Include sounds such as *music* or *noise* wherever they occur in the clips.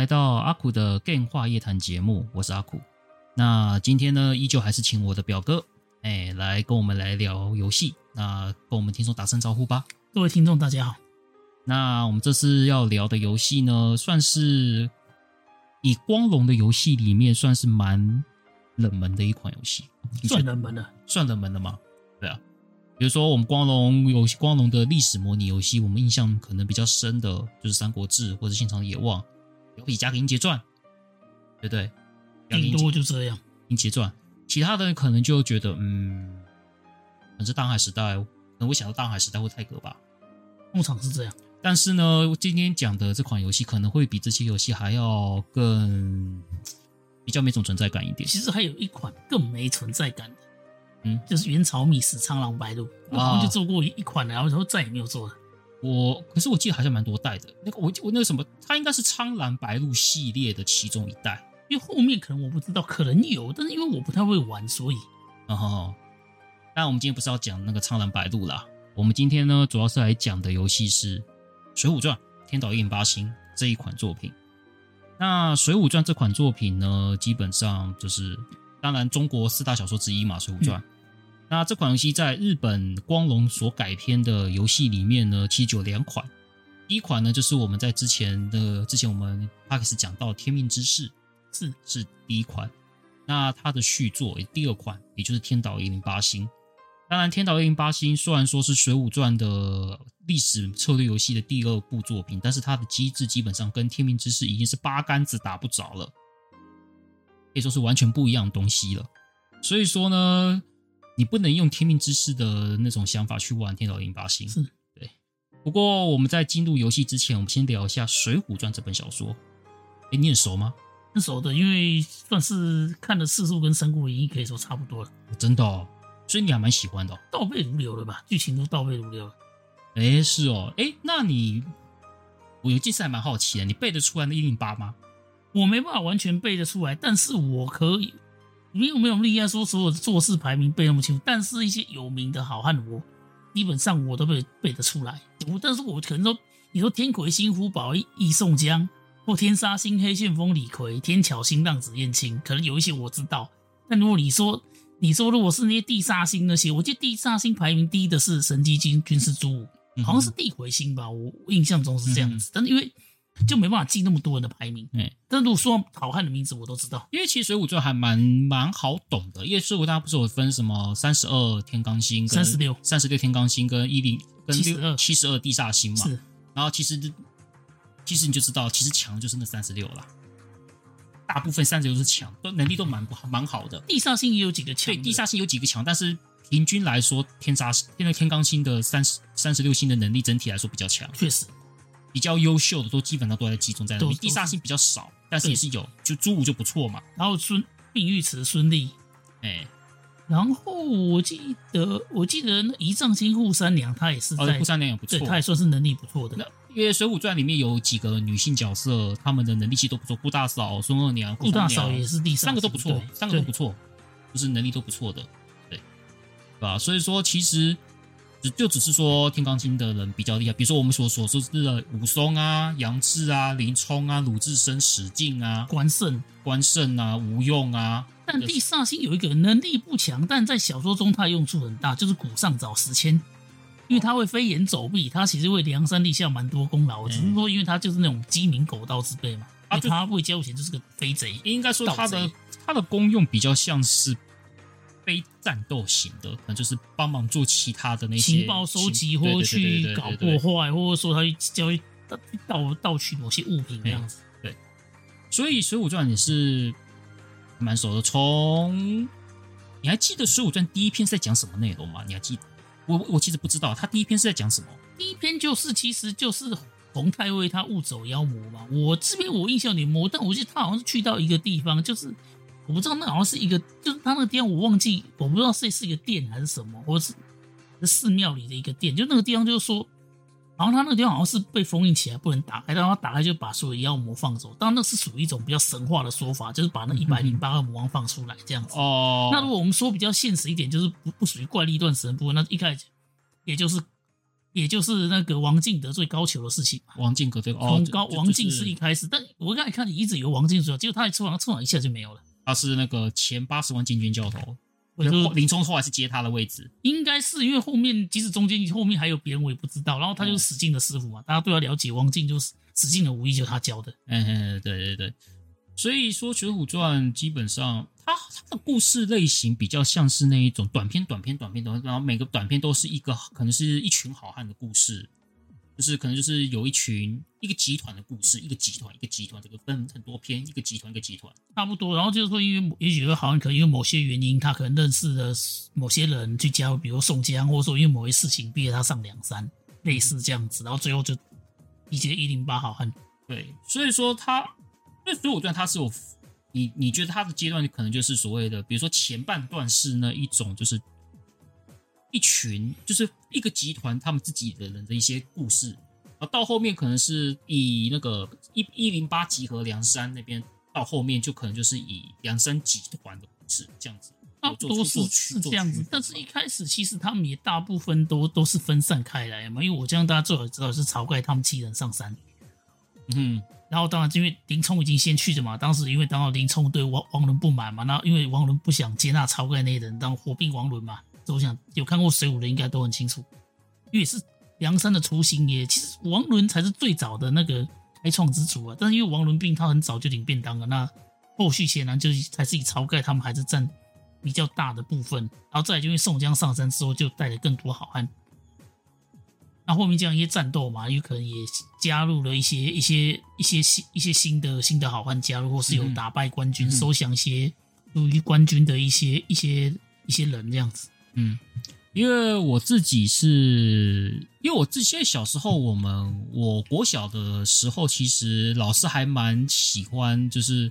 來到阿苦的《Game 話夜談》節目，我是阿苦。那今天呢，依舊還是請我的表哥，哎，來跟我們來聊遊戲。那跟我們聽眾打聲招呼吧，各位聽眾大家好。那我們這次要聊的遊戲呢，算是以光榮的遊戲裡面算是蠻冷門的一款遊戲，算冷門的，算冷門的嗎？對啊，比如說我們光榮遊戲，光榮的歷史模擬遊戲，我們印象可能比較深的就是《三國志》或者《信長野望》。比加個英傑傳，對對，頂多就這樣。英傑傳，其他的可能就覺得，嗯，可能是大海時代，可能會想到大海時代或太閤吧。通常是這樣。但是呢，我今天講的這款遊戲可能會比這些遊戲還要更比較沒種存在感一點。其實還有一款更沒存在感的，嗯，就是元朝秘史蒼狼白鹿、哦，然後就做過一款了，然後就再也沒有做了。我可是我記得好像蠻多代的，那個我我那個什麼，它應該是蒼狼白鹿系列的其中一代，因為後面可能我不知道，可能有，但是因為我不太會玩，所以嗯嗯嗯嗯嗯嗯嗯嗯。然後，那我們今天不是要講那個蒼狼白鹿啦，我們今天呢主要是來講的遊戲是《水滸傳》《天導一零八星》這一款作品。那《水滸傳》這款作品呢，基本上就是當然中國四大小說之一嘛，《水滸傳》。那這款遊戲在日本光榮所改編的遊戲裡面呢，其實有兩款。第一款呢，就是我們在之前的之前我們阿克斯講到《天命之誓》，四是第一款。那它的續作第二款，也就是《天導一零八星》。當然，《天導一零八星》雖然說是《水滸傳》的歷史策略遊戲的第二部作品，但是它的機制基本上跟《天命之誓》已經是八竿子打不着了，可以說是完全不一樣的東西了。所以說呢。你不能用天命之誓的那種想法去玩《天導108星》，是對。不過我們在進入遊戲之前，我們先聊一下《水滸傳》這本小說。誒，你很熟嗎？很熟的，因為算是看的次數跟《三國演義》可以說差不多了。哦、真的？哦，所以你還蠻喜歡的、哦？倒背如流了吧？劇情都倒背如流了。哎，是哦。哎，那你，我有件事還蠻好奇的，你背得出來那一零八嗎？我沒辦法完全背得出來，但是我可以，沒有沒有厲害，說所有的做事排名背那麼清楚，但是一些有名的好漢，我基本上我都背背得出來。我但是我可能說，你說天魁星呼保義宋江，或天殺星黑旋風李逵，天巧星浪子燕青，可能有一些我知道。但如果你說你說如果是那些地煞星那些，我記得地煞星排名第一的是神機軍軍師朱武，好像是地魁星吧？我，我印象中是這樣子，嗯、但是因為。就沒辦法記那麼多人的排名，對、欸。但如果說好漢的名字我都知道，因為其實水滸就還蠻蠻好懂的，因為水滸大家不是有分什麼三十二天罡星、三十六三十六天罡星跟一零跟七十二七十二地煞星嘛是，然後其實其實你就知道，其實強就是那三十六了，大部分三十六是強，都能力都蠻不好蠻好的。地煞星也有幾個強，對，地煞星有幾個強，但是平均來說，天煞星因為天罡星的三十三十六星的能力整體來說比較強，確實。比較優秀的都基本上都在集中在那邊，地煞星比較少，但是也是有，就朱武就不錯嘛。然後孫病尉遲孫立，哎，欸、然後我記得我記得那一丈青扈三娘，她也是在哦、扈三娘也不錯，她也算是能力不錯的。那因為《水滸傳》裡面有幾個女性角色，她們的能力其實都不錯，顧大嫂、孫二娘、顧大嫂也是第三個都不錯，三個都不錯，不就是能力都不錯的，對，對吧？所以說其實。就就只是說天罡星的人比較厲害，比如說我們所所說是的武松啊、楊志啊、林沖啊、魯智深、史進啊、關勝、關勝啊、吳用啊。但地煞星有一個能力不強、就是，但在小說中他的用處很大，就是鼓上蚤時遷，因為他會飛檐走壁，他其實為梁山立下蠻多功勞、嗯。只是說因為他就是那種雞鳴狗盜之輩嘛，他不會交錢就是個飛賊。應該說他的他的功用比較像是。非戰鬥型的，可能就是幫忙做其他的那些情報收集，或去搞破壞，或者說他就會盜盜取某些物品那樣子。對，所以《水滸傳》也是蠻熟的。蔥。你還記得《水滸傳》第一篇是在講什麼內容嗎？你還記得？我我其實不知道他第一篇是在講什麼。第一篇就是其實就是洪太尉他誤走妖魔嘛。我這邊我印象裡魔，但我記得他好像是去到一個地方，就是。我不知道那好像是一個，就是他那個地方我忘記，我不知道是是一個殿還是什麼，或者是寺廟裡的一個殿。就那個地方就是說，好像他那個地方好像是被封印起來，不能打開，然後打開就把所有妖魔放走。當然那是屬於一種比較神話的說法，就是把那一百零八個魔王放出來這樣子。嗯。哦，那如果我們說比較現實一點，就是不不屬於怪力斷神部分。那一開始也就是也就是那個王進得罪高俅的事情。王進得罪高、高，哦就是，王進是一開始，但我剛才看你一直以為王進說，結果他一出場，出場一下就沒有了。他是那個前八十萬禁軍教頭，林沖後來是接他的位置，應該是因為後面即使中間後面還有別人，我也不知道。然後他就是史進的師傅嘛、嗯，大家都要了解。王進就是史進的武藝，就是他教的。嗯，嗯對對對，所以說《水滸傳》基本上他他的故事類型比較像是那一種短篇、短篇、短篇的，然後每個短篇都是一個可能是一群好漢的故事。就是可能就是有一群一個集團的故事，一個集團一個集團，這個分很多篇，一個集團一個集團，差不多。然後就是說，因為也許個好像可能因為某些原因，他可能認識的某些人去加入，比如宋江，或者說因為某一些事情逼着他上梁山，類似這樣子。然後最後就集結一零八好漢。對，所以說他，所以我覺得他是有你你覺得他的階段可能就是所謂的，比如說前半段是那一種就是。一群就是一個集團，他們自己的人的一些故事啊。到後面可能是以那個一一零八集合梁山那邊，到後面就可能就是以梁山集團的故事這樣子。大多數是這樣子，但是一開始其實他們也大部分都都是分散開來嘛。因為我這樣大家最好知道是晁蓋他們七人上山，嗯，然後當然因為林沖已經先去了嘛。當時因為當時林沖對王王倫不滿嘛，那因為王倫不想接納晁蓋那些人，然後火併王倫嘛。我想有看過《水滸》的應該都很清楚，因為是梁山的雛形也，其實王倫才是最早的那個開創之主啊，但是因為王倫病，他很早就領便當了。那後續顯然就是還是以晁蓋他們還是佔比較大的部分，然後再來就是因為宋江上山之後就帶了更多好漢。那後面這樣一些戰鬥嘛，有可能也加入了一些一些一些新一些新的新的好漢加入，或是有打敗官軍，嗯、收降一些屬於官軍的一些一些一些人這樣子。嗯，因為我自己是，因為我之前小時候，我們我國小的時候，其實老師還蠻喜歡，就是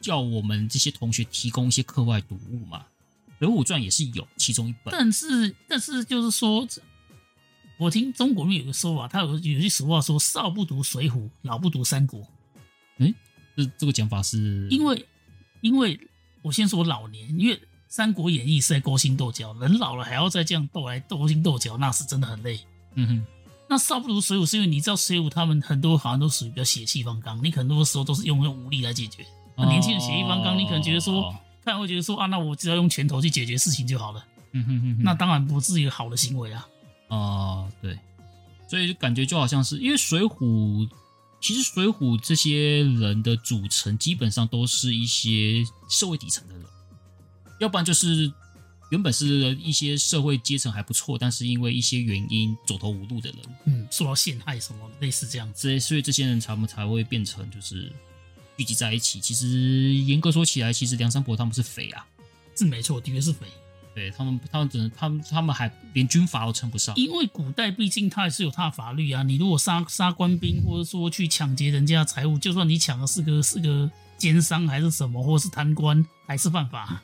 叫我們這些同學提供一些課外讀物嘛，《水滸傳》也是有其中一本。但是，但是就是說，我聽中國人有個說法，他有有句俗話說“少不讀水滸，老不讀三國”。哎，這這個講法是？因為，因為我先說老年，因為。《三國演義》是在勾心鬥角，人老了還要再這樣鬥來鬥心鬥角，那是真的很累。嗯哼，那少不如水滸，是因為你知道水滸他們很多好像都屬於比較血氣方剛，你很多時候都是用用武力來解決。年輕人血氣方剛，你可能覺得說，他、哦、會覺得說啊，那我只要用拳頭去解決事情就好了。嗯哼，嗯哼，那當然不是一個好的行為啊。哦，對，所以就感覺就好像是因為水滸，其實水滸這些人的組成基本上都是一些社會底層的人。要不然就是原本是一些社會階層還不錯，但是因為一些原因走投無路的人，嗯，受到陷害什麼類似這樣的，所以所以這些人他們才會變成就是聚集在一起。其實嚴格說起來，其實梁山泊他們是匪啊，是沒錯，的確是匪。對他們，他們只能他們他們還，他們還連軍閥都稱不上，因為古代畢竟他也是有他的法律啊。你如果殺殺官兵，或者說去搶劫人家的財物，就算你搶的是個是個奸商還是什麼，或是貪官，還是犯法。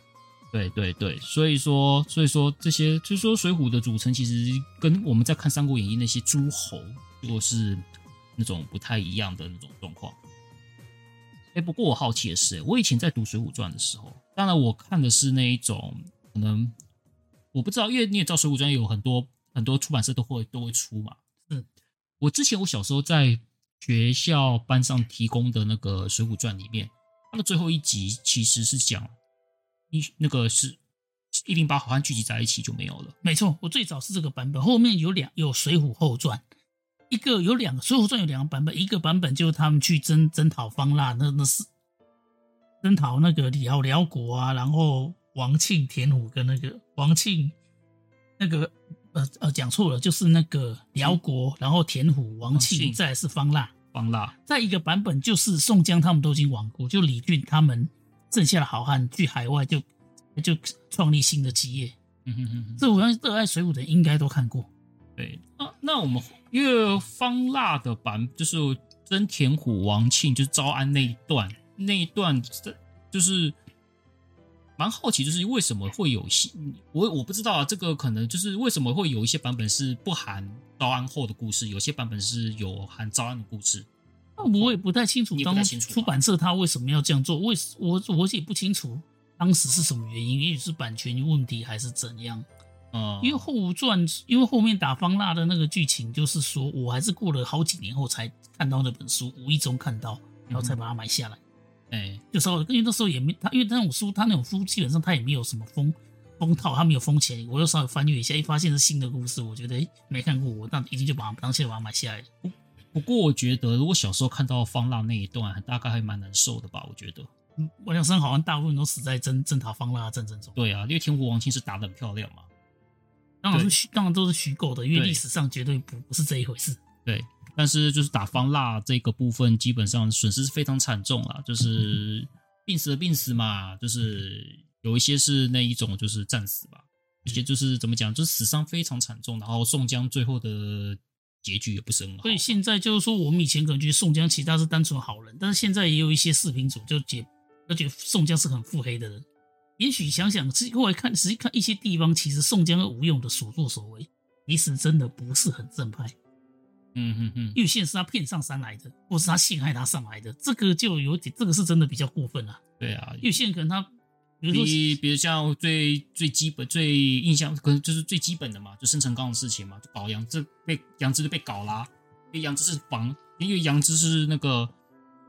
對對對，所以說，所以說這些，就是說《水滸》的組成其實跟我們在看《三國演義》那些諸侯，都是那種不太一樣的那種狀況。哎，不過我好奇的是，我以前在讀《水滸傳》的時候，當然我看的是那一種，可能我不知道，因為你也知道，《水滸傳》有很多很多出版社都會都會出嘛。嗯，我之前我小時候在學校班上提供的那個《水滸傳》裡面，它的最後一集其實是講。一那個是一零八好漢聚集在一起就沒有了。沒錯，我最早是這個版本，後面有兩有《水滸後傳》，一個有兩個《水滸傳》有兩個版本，一個版本就是他們去征征討方臘，那那是征討那個遼遼國啊，然後王慶、田虎跟那個王慶那個呃呃講錯了，就是那個遼國，然後田虎、王慶，王慶再是方臘。方臘。再一個版本就是宋江他們都已經亡故，就李俊他們。剩下的好漢去海外就就創立新的基業，嗯哼哼哼，這我相信熱愛水滸的人應該都看過。對啊，那我們因為方臘的版就是真田虎、王慶就是招安那一段那一段，這就是、就是、蠻好奇，就是為什麼會有我我不知道啊，這個可能就是為什麼會有一些版本是不含招安後的故事，有些版本是有含招安的故事。那我也不太清楚，嗯、當初出版社他為什麼要這樣做？為什、啊、我也我，我也不清楚當時是什麼原因？也許是版權問題還是怎樣？啊、嗯，因為後傳，因為後面打方臘的那個劇情，就是說我還是過了好幾年後才看到那本書，無意中看到，然後才把它買下來。哎、嗯，就是因為那時候也沒他，因為那種書，他那種書基本上他也沒有什麼封封套，他沒有封錢，我又稍微翻閱一下，一發現是新的故事，我覺得沒看過，我當已經就把當先把它買下來。不過我覺得，如果小時候看到方臘那一段，大概還蠻難受的吧？我覺得，嗯，我想說好像大部分都死在征征討方臘戰爭中。對啊，因為田虎王慶是打得很漂亮嘛，當然是，是當然都是虛構的，因為歷史上絕對不對不是這一回事。對，但是就是打方臘這個部分，基本上損失是非常慘重了，就是病死的病死嘛，就是有一些是那一種就是戰死吧，一、嗯、些就是怎麼講，就是死傷非常慘重。然後宋江最後的。結局也不深了，所以現在就是說，我們以前可能覺得宋江其他是單純好人。好但是現在也有一些視頻組就解，而且宋江是很腹黑的人。也許想想，是，後來看實際看一些地方，其實宋江和吳用的所作所為，其實真的不是很正派。嗯哼哼，有些是他騙上山來的，或是他陷害他上來的，這個就有點，這個是真的比較過分了，啊。對啊，有些可能他。比如比如像最最基本最印象可能就是最基本的嘛，就生辰綱的事情嘛，就楊志被楊志就被搞啦、啊，因為楊志是防，因為楊志是那個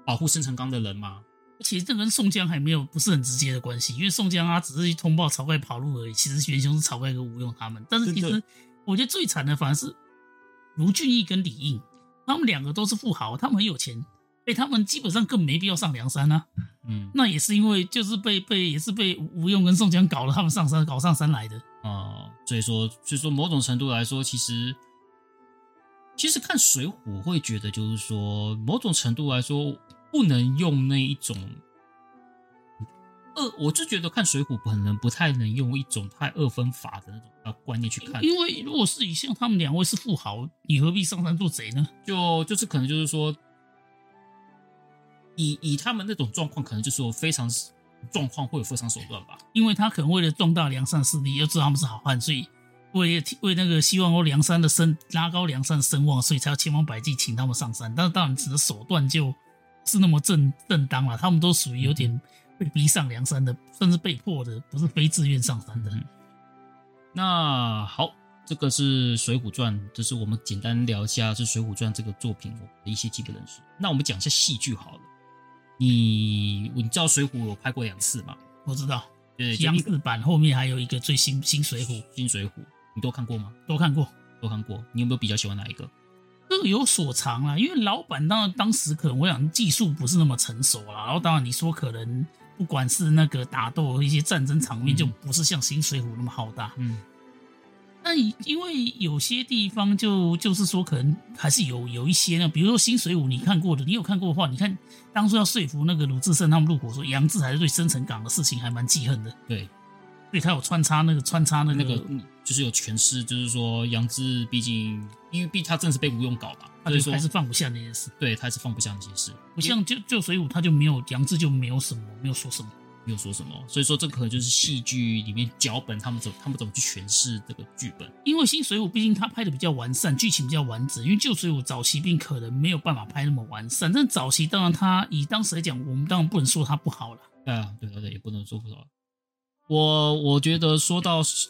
保護生辰綱的人嘛。其實這跟宋江還沒有不是很直接的關係，因為宋江他、啊、只是通報晁蓋跑路而已。其實元凶是晁蓋跟吳用他們。但是其實我覺得最慘的反而是盧俊義跟李應，他們兩個都是富豪，他們很有錢。被、欸、他們基本上更沒必要上梁山啊。嗯，那也是因為就是被被也是被吳用跟宋江搞了，他們上山搞上山來的。哦、嗯，所以說所以說某種程度來說，其實其實看《水滸》會覺得，就是說某種程度來說，不能用那一種二，我就覺得看《水滸》可能不太能用一種太二分法的那種觀念去看。因為如果是以像他們兩位是富豪，你何必上山做賊呢？就就是可能就是說。以以他們那種狀況，可能就是說非常狀況，會有非常手段吧。因為他可能為了壯大梁山勢力，又知道他們是好漢，所以為為那個希望哦，梁山的聲、拉高梁山的聲望，所以才要千方百計請他們上山。但是當然，只是手段就是那麼正正當了。他們都屬於有點被逼上梁山的、嗯，甚至被迫的，不是非自願上山的。嗯、那好，這個是《水滸傳》就，這是我們簡單聊一下這《水滸傳》這個作品的一些基本認識。那我們講一下戲劇好了。你，你知道《水滸》我拍過兩次吧？我知道，對。央視版後面還有一個最新《新水滸》，《新水滸》你都看過嗎？都看過，都看過。你有沒有比較喜歡哪一個？各有所長啊，因為老版當然當時可能我想技術不是那麼成熟了啊，然後當然你說可能不管是那個打鬥一些戰爭場面，就不是像《新水滸》那麼浩大，嗯。但因為有些地方就就是說，可能還是有有一些呢，比如說《新水滸》，你看過的，你有看過的話，你看當初要說服那個魯智深他們入夥，說楊志還是對生辰綱的事情還蠻記恨的。對，對他有穿插那個穿插那個，那個、就是有詮釋，就是說楊志畢竟因為畢竟他正是被吳用搞吧，他就說說對他還是放不下那件事。對，他還是放不下那件事。不像舊舊水滸，他就沒有楊志就沒有什麼，沒有說什麼。沒有說什麼，所以說這可能就是戲劇裡面腳本，他們怎麼他們怎麼去詮釋這個劇本？因為新水滸畢竟他拍得比較完善，劇情比較完整。因為舊水滸早期並可能沒有辦法拍那麼完善，但早期當然他以當時來講，我們當然不能說他不好啦。對啊，對對對，也不能說不好。我我覺得說到是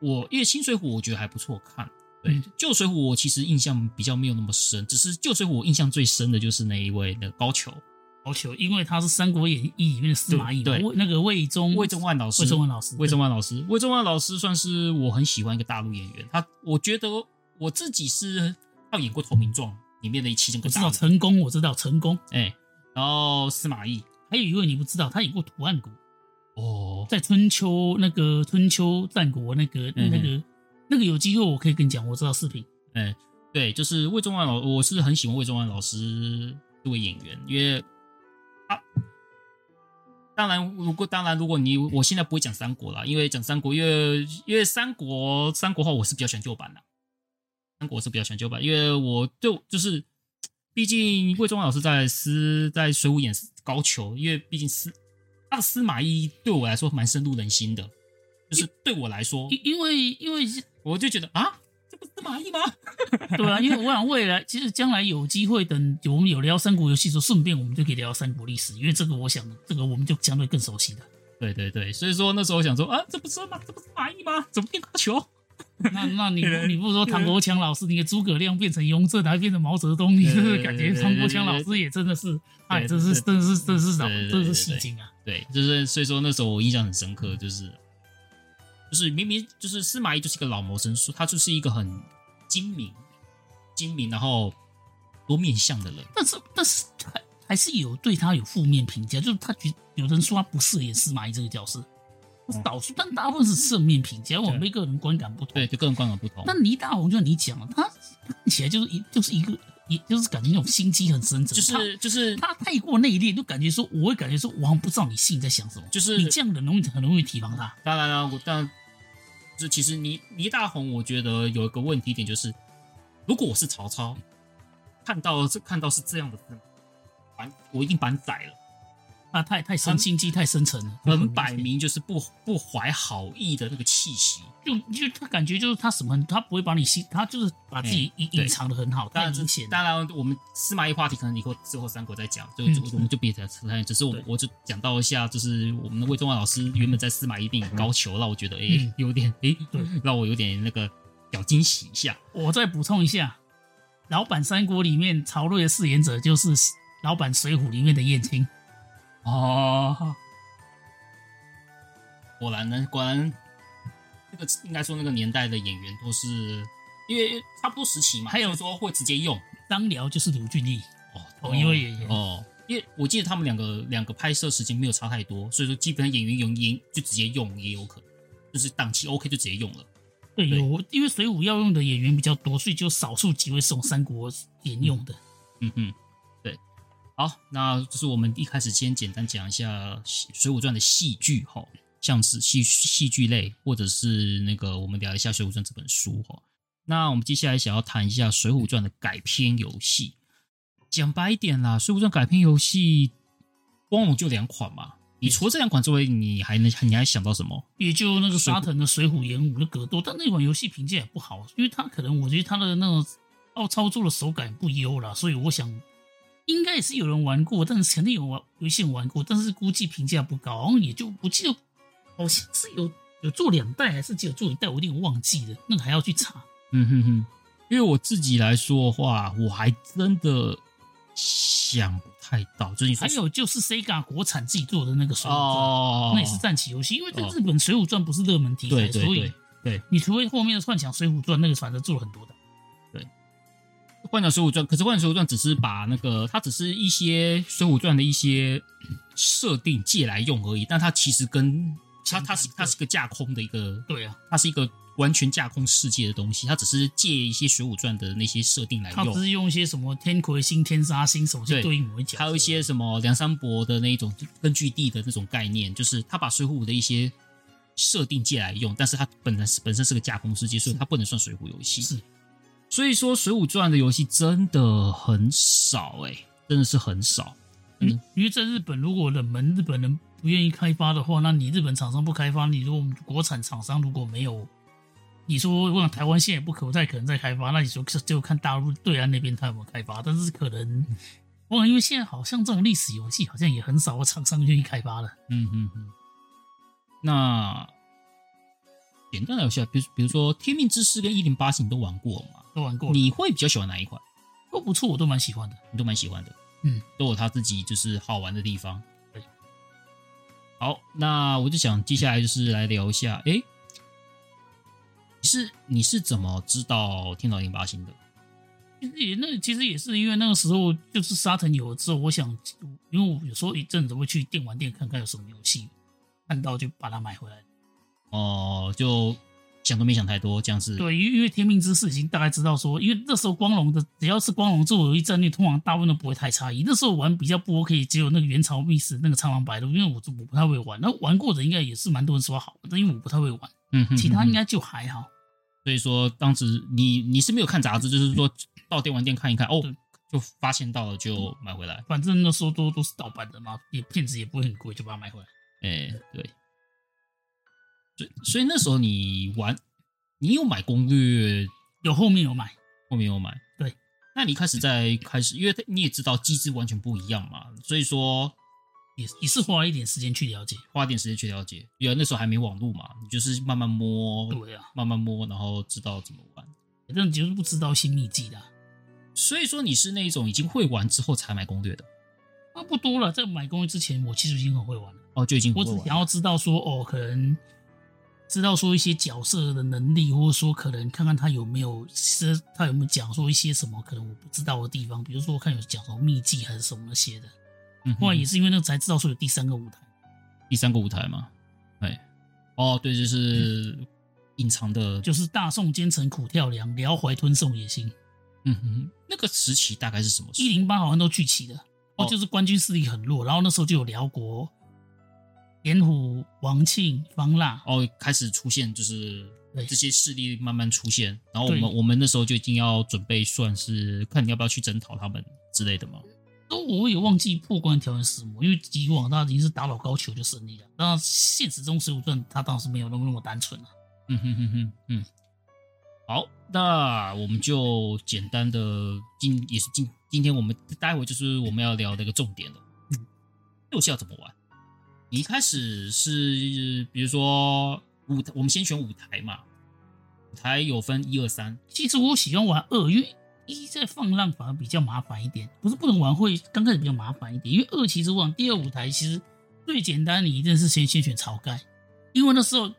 我，因為新水滸我覺得還不錯看。對，嗯、舊水滸我其實印象比較沒有那麼深，只是舊水滸我印象最深的就是那一位那個、高俅。要求，因為他是《三國演義》裡面的司馬懿，對那個魏宗魏宗萬老師，魏宗萬老、老師，魏宗萬老師，魏宗萬老師算是我很喜歡一個大陸演員。他，我覺得我自己是要演過《投名狀》裡面的一期、這個，知道成功，我知道成功，哎、欸，然後司馬懿，還有一位你不知道，他演過《圖案谷》哦，在春秋那個春秋戰國那個、嗯、那個那個有機會，我可以跟你講，我知道視頻，哎、欸，對，就是魏宗萬老師，我是很喜歡魏宗萬老師這位演員，因為。啊，當然，如果當然，如果你我現在不會講三國了，因為講三國，因為因為三國三國話，我是比較喜歡舊版的。三國是比較喜歡舊版，因為我對就是，畢竟魏宗萬老師在司在水滸演高俅，因為畢竟司他的司馬懿對我來說蠻深入人心的，就是對我來說，因為因為，因為我就覺得啊。這不是司馬懿嗎？ *laughs* 對啊，因為我想未來，其實將來有機會，等我們有聊三國遊戲的時候，順便我們就可以聊三國歷史，因為這個我想，這個我們就相對更熟悉的。對對對，所以說那時候我想說啊，這不是嗎？這不是司馬懿嗎？怎麼變個球？ *laughs* 那那你你是不說唐國強老師那個諸葛亮變成雍正，還變成毛澤東？你是不是感覺唐國強老師也真的是，哎、啊，真是真是真是啥？真是戲精啊！對，就是所以說那時候我印象很深刻，就是。就是明明就是司馬懿就是一個老謀深算，他就是一個很精明，精明，然後多面相的人。但是但是還還是有對他有負面評價，就是他覺有人說他不適合演司馬懿這個角色，導數、嗯，但大部分是正面評價。我們個人觀感不同，對，對就個人觀感不同。那倪大紅就你講了，他看起來就是一就是一個，也就是感覺那種心機很深沉，就是就是他太過內斂，就感覺說，我會感覺說，我好像不知道你心裡在想什麼。就是你這樣的，容易很容易提防他。當然了、啊，我但就是其實倪倪大紅，我覺得有一個問題點就是，如果我是曹操，看到，看到是看到是這樣的，字我一定把你宰了。他太太，算心機太深沉了，很擺明,明就是不不懷好意的那個氣息，就就他感覺就是他什麼，他不會把你心，他就是把自己隱隱、欸、藏得很好。當然之前，當然我們司馬懿話題可能以後之後三國再講，就我們就別再扯開。只是我我就講到一下，就是我們的魏宗萬老師原本在司馬懿扮高俅、嗯，讓我覺得哎、欸、有點哎、欸，對，讓我有點那個小驚喜一下。我再補充一下，老版三國裡面曹睿的飾演者就是老版水滸裡面的燕青。哦，果然呢，果然，這、那個應該說那個年代的演員都是因為差不多時期嘛。還有說會直接用張遼就是盧俊義哦，同一位演員哦，因為我記得他們兩個兩個拍攝時間沒有差太多，所以說基本上演員用音就直接用也有可能，就是檔期 OK 就直接用了。對，有因為水滸要用的演員比較多，所以就少數幾位是從三國沿用的。嗯,嗯哼。好，那就是我們一開始先簡單講一下《水滸傳》的戲劇哈，像是戲戲劇類，或者是那個我們聊一下《水滸傳》這本書哈。那我們接下來想要談一下《水滸傳》的改編遊戲。講白一點啦，《水滸傳》改編遊戲，光榮就兩款嘛。你除了這兩款之外，你還能你，你還想到什麼？也就那個沙騰的《水滸演武》的格鬥，但那款遊戲評價也不好，因為它可能我覺得它的那種奧操作的手感不優啦，所以我想。應該也是有人玩過，但是肯定有玩，有一些人玩過，但是估計評價不高，然後也就不記得，好、哦、像是有有做兩代還是只有做一代，我一定有點忘記了，那個還要去查。嗯哼哼，因為我自己來說的話，我還真的想不太到，就是還有就是 Sega 國產自己做的那個水滸傳，哦，那也是戰棋遊戲，因為在日本水滸傳不是熱門題材，對對對對，所以對，你除非後面的幻想水滸傳，那個反正做了很多的。幻想《水滸傳》，可是《幻想水滸傳》只是把那個，它只是一些《水滸傳》的一些、嗯、設定借來用而已。但它其實跟它，它，它，它是它是個架空的一個，對啊，它是一個完全架空世界的東西。它只是借一些《水滸傳》的那些設定來用，它只是用一些什麼天魁星、天殺星，什麼去對應某一，還有一些什麼梁山泊的那一種根據地的那種概念，就是他把《水滸》的一些設定借來用，但是它本來本身是個架空世界，所以它不能算《水滸》遊戲。是是。所以說，《水滸傳》的遊戲真的很少、欸，哎，真的是很少。嗯，因為在日本，如果冷門，日本人不願意開發的話，那你日本廠商不開發，你如果國產廠商如果沒有，你說我想台灣現在也不,不太可能再開發，那你說就,就,就看大陸對岸那邊他有沒有開發，但是可能，我想因為現在好像這種歷史遊戲好像也很少有廠商願意開發了。嗯嗯嗯。那簡單來說，比如比如說《天命之誓》跟《一零八》0你都玩過嗎？你會比較喜歡哪一款？都不錯，我都蠻喜歡的。你都蠻喜歡的，嗯，都有他自己就是好玩的地方。好，那我就想接下來就是來聊一下，哎、嗯，你是你是怎麼知道《天導108星》的？其實也那其實也是因為那個時候就是沙塵有了之後，我想，因為我有時候一陣子會去電玩店看看有什麼遊戲，看到就把它買回來。哦、呃，就。想都沒想太多，這樣子對，因因為天命之誓已經大概知道說，因為那時候光榮的只要是光榮自我遊戲戰略，通常大部分都不會太差異。那時候玩比較不 OK，只有那個元朝秘史，那個蒼狼白鹿，因為我我不太會玩，那玩過的應該也是蠻多人說好，但因為我不太會玩，嗯，哼嗯哼，其他應該就還好。所以說當時你你是沒有看雜誌，就是說到電玩店看一看哦，就發現到了就買回來。反正那時候都都是盜版的嘛，也片子也不會很貴，就把它買回來。哎、欸，對。所以，所以那時候你玩，你有買攻略，有後面有買，後面有買。對，那你開始在開始，因為你也知道機制完全不一樣嘛，所以說也也是花一點時間去了解，花一點時間去了解。因為那時候還沒網絡嘛，你就是慢慢摸，對啊，慢慢摸，然後知道怎麼玩。那、欸、你就是不知道新秘籍的、啊。所以說你是那一種已經會玩之後才買攻略的。那、啊、不多了，在買攻略之前，我其實已經很會玩了。哦，就已經，我只想要知道說，哦，可能。知道說一些角色的能力，或者說可能看看他有沒有，是他有沒有講說一些什麼可能我不知道的地方，比如說我看有講什麼秘籍還是什麼那些的，嗯，不然也是因為那個才知道說有第三個舞台，第三個舞台嘛，對。哦對，就是隱藏的、嗯，就是大宋奸臣苦跳梁，遼懷吞宋野心，嗯哼，那個時期大概是什麼時候？時一零八好像都聚齊了，哦，就是官軍勢力很弱，然後那時候就有遼國。田虎、王慶、方臘哦，開始出現，就是這些勢力慢慢出現，然後我們我們那時候就已經要準備，算是看你要不要去征討他們之類的嘛。那、嗯、我也忘記破關條件是什麼，因為以往他已經是打倒高俅就勝利了，那現實中水滸傳他倒是沒有那麼那麼單純了、啊。嗯哼哼哼，嗯，好，那我們就簡單的今也是今今天我們待會就是我們要聊的一個重點了，遊戲要怎麼玩？你一開始是，比如說舞，我們先選舞台嘛，舞台有分一二三。其實我喜歡玩二，因為一在放浪反而比較麻煩一點，不是不能玩會，剛開始比較麻煩一點，因為二其實玩第二舞台其實最簡單，你一定是先先選晁蓋，因為那時候，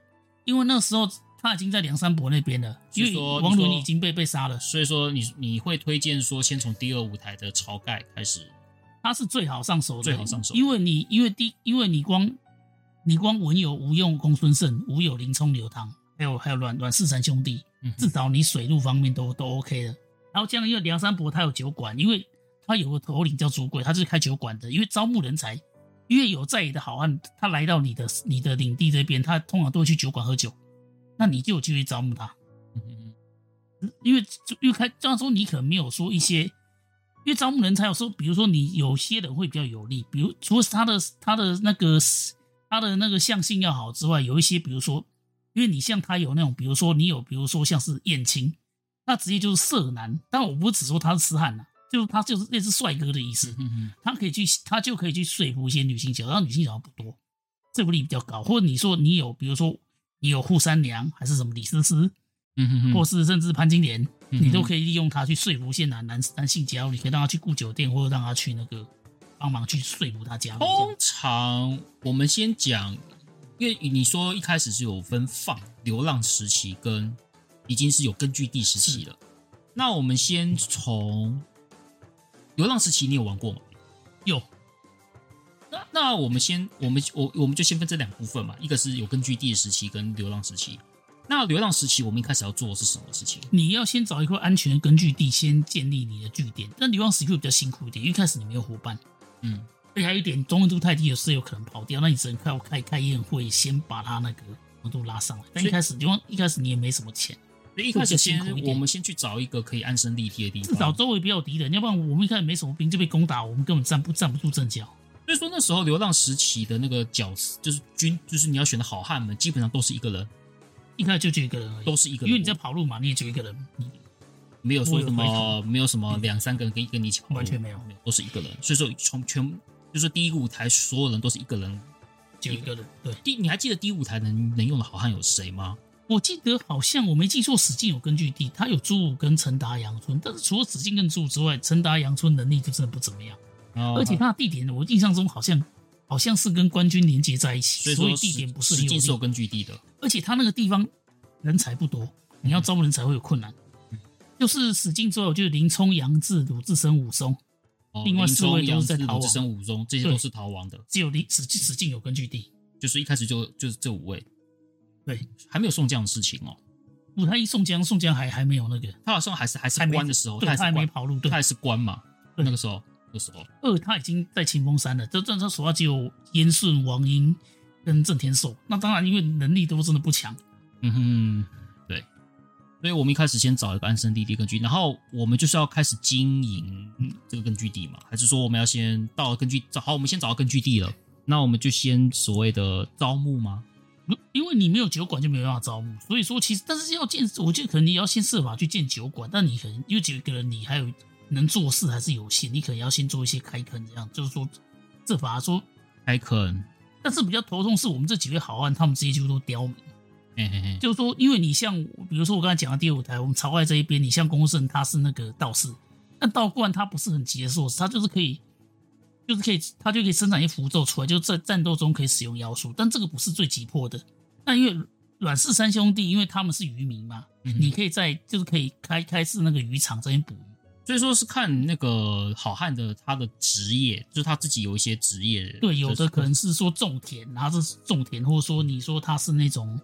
因為那時候他已經在梁山伯那邊了，就是說，王倫已經被被殺了，所以說你你會推薦說先從第二舞台的晁蓋開始。他是最好上手的，最好上手，因為你因為第因為你光你光文有吳用、公孫勝，武有林沖、劉唐，還有還有阮阮氏三兄弟，至少你水路方面都都 OK 的。嗯、然後這樣，因為梁山泊他有酒館，因為他有個頭領叫朱貴，他是開酒館的。因為招募人才，因為有在野的好漢，他來到你的你的領地這邊，他通常都會去酒館喝酒，那你就有機會招募他。嗯，因為就因為開這樣說，你可能沒有說一些。因為招募人才有時候，比如說你有些人會比較有利，比如除了他的他的那個他的那個相性要好之外，有一些比如說，因為你像他有那種，比如說你有，比如說像是燕青，那直接就是色男。但我不是只說他是痴漢吶、啊，就是他就是類似帥哥的意思，他可以去，他就可以去說服一些女性角色，但女性角色不多，說服力比較高。或者你說你有，比如說你有扈三娘還是什麼李師師，嗯哼，哼，或是甚至潘金蓮。你都可以利用他去說服一些男男男性家，你可以讓他去雇酒店，或者讓他去那個幫忙去說服他家。通常我們先講，因為你說一開始是有分放流浪時期跟已經是有根據地時期了。那我們先從流浪時期，你有玩過嗎？有。那那我們先我們我我們就先分這兩部分嘛，一個是有根據地時期跟流浪時期。那流浪時期，我們一開始要做的是什麼事情？你要先找一塊安全根據地，先建立你的據點。但流浪時期比較辛苦一點，一開始你沒有伙伴。嗯，所以還有一點忠誠度太低的是有可能跑掉，那你只能靠開開宴會，先把他那個程度拉上來。但一開始流浪，一開始你也沒什麼錢，所以一開始辛苦一點。我們先去找一個可以安身立地的地方，至少周圍沒有敵人，要不然我們一開始沒什麼兵就被攻打，我們根本站不站不住陣腳。所以說那時候流浪時期的那個角色，就是軍，就是你要選的好漢們，基本上都是一個人。應該就這一個人而已。都是一個人，因為你在跑路嘛，你也就一個人你，沒有說什麼，有沒有什麼兩三個人跟一跟你一起跑。完全沒有，沒有，都是一個人。所以說，從全就是第一個舞台，所有人都是一個人，就一個人。對，第你還記得第一舞台能能用的好漢有誰嗎？我記得好像我沒記錯，史進有根據地，他有朱武跟陳達楊春，但是除了史進跟朱武之外，陳達楊春能力就真的不怎麼樣，哦、而且他的地點，我印象中好像。好像是跟官軍連接在一起，所以，所以地點不是，很有是有根據地的。而且他那個地方人才不多，你要招人才會有困難。就是史進之後，就是林沖、楊志、魯智深、武松，哦，另外四位都是在逃亡。魯智深、武松，武松這些都是逃亡的，只有林史史進有根據地，就是一開始就就是這五位。對，還沒有宋江的事情哦。五、嗯、太一宋江，宋江還還沒有那個，他好像還是還是官的時候，對他，他還沒跑路，對，他還是官嘛，那個時候。時候二，他已經在清風山了。這這他手下只有燕順、王英跟鄭天壽。那當然，因為能力都真的不強。嗯哼，對。所以我們一開始先找一個安身立地，地根據，然後我們就是要開始經營這個根據地嘛？還是說我們要先到了根據？好，我們先找到根據地了，那我們就先所謂的招募嗎？因為你沒有酒館，就沒有辦法招募。所以說，其實但是要建，我覺得可能你要先設法去建酒館。但你可能因為有酒，給了你還有。能做事還是有限，你可能要先做一些開墾，這樣就是說，這反而說開墾。但是比較頭痛是我們這幾位好漢，他們直接就都刁民。嗯嗯嗯，就是說，因為你像比如說我剛才講的第五台，我們朝外這一邊，你像公孫，他是那個道士，但道觀他不是很急做事，他就是可以，就是可以，他就可以生產一些符咒出來，就在戰鬥中可以使用妖術。但這個不是最急迫的。那因為阮氏三兄弟，因為他們是漁民嘛，你可以在就是可以開開是那個漁場這邊捕魚。所以說是看那個好漢的他的職業，就是他自己有一些職業。對，就是、有的可能是說種田，然後是種田，或者說你說他是那種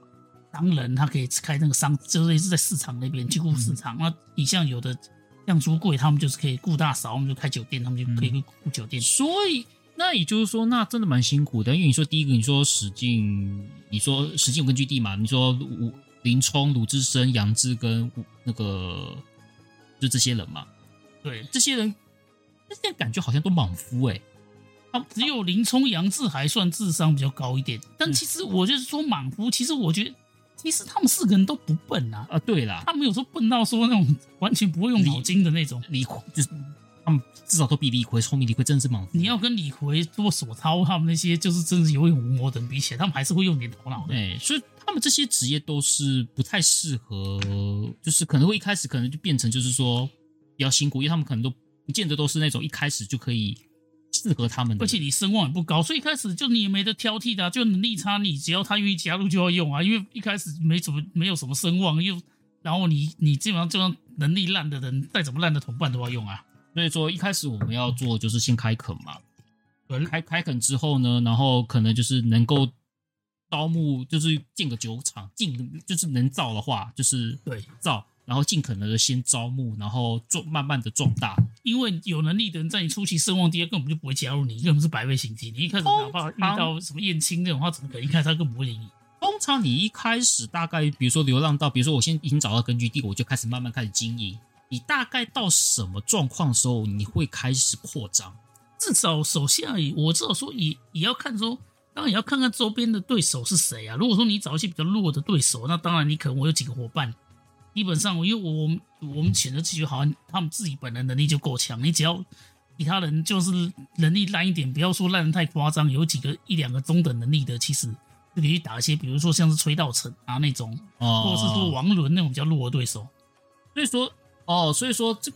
商人，他可以開那個商，就一直在市場那邊去顧市場。那、嗯、你像有的像朱貴，他們就是可以顧大嫂，他們就開酒店，他們就可以顧酒店。嗯、所以那也就是說，那真的蠻辛苦的。因為你說第一個，你說史進，你說史進有根據地嘛？你說林沖、魯智深、楊志跟那個就這些人嘛？對，這些人，這些在感覺好像都莽夫哎、欸。他只有林沖、楊志還算智商比較高一點。但其實我就是說莽夫，其實我覺得其實他們四個人都不笨啊。啊，對啦，他們有時候笨到說那種完全不會用腦筋的那種。李逵就是他們至少都比李逵聰明，李逵真的是莽夫。你要跟李逵、多索超他們那些就是真是有勇無謀的人比起來，他們還是會用點頭腦的。哎，所以他們這些職業都是不太適合，就是可能會一開始可能就變成就是說。比較辛苦，因為他們可能都不見得都是那種一開始就可以適合他們的，而且你聲望也不高，所以一開始就你也沒得挑剔的、啊，就能力差你，你只要他願意加入就要用啊，因為一開始沒怎麼沒有什麼聲望，又然後你你基本上就讓能力爛的人再怎麼爛的同伴都要用啊，所以說一開始我們要做就是先開墾嘛，開開墾之後呢，然後可能就是能夠招募，就是建個酒廠，進，就是能造的話就是對造。對然後盡可能的先招募，然後做，慢慢的壯大。因為有能力的人在你初期聲望低，根本就不會加入你，根本是白費心機。你一開始哪怕遇到什麼燕青那種話，怎麼可能一開始他更不會理你？通常你一開始大概，比如說流浪到，比如說我先已經找到根據地，我就開始慢慢開始經營。你大概到什麼狀況的時候你會開始擴張？至少首先而已，我至少說也也要看說，當然也要看看周邊的對手是誰啊。如果說你找一些比較弱的對手，那當然你可能我有幾個夥伴。基本上，因為我我們，我們選擇局好像他們自己本人能力就夠強。你只要其他人就是能力爛一點，不要說爛的太誇張。有幾個一兩個中等能力的，其實你去打一些，比如說像是崔道成啊那種，或者是說王倫那種比較弱的對手。所以說，哦，所以說這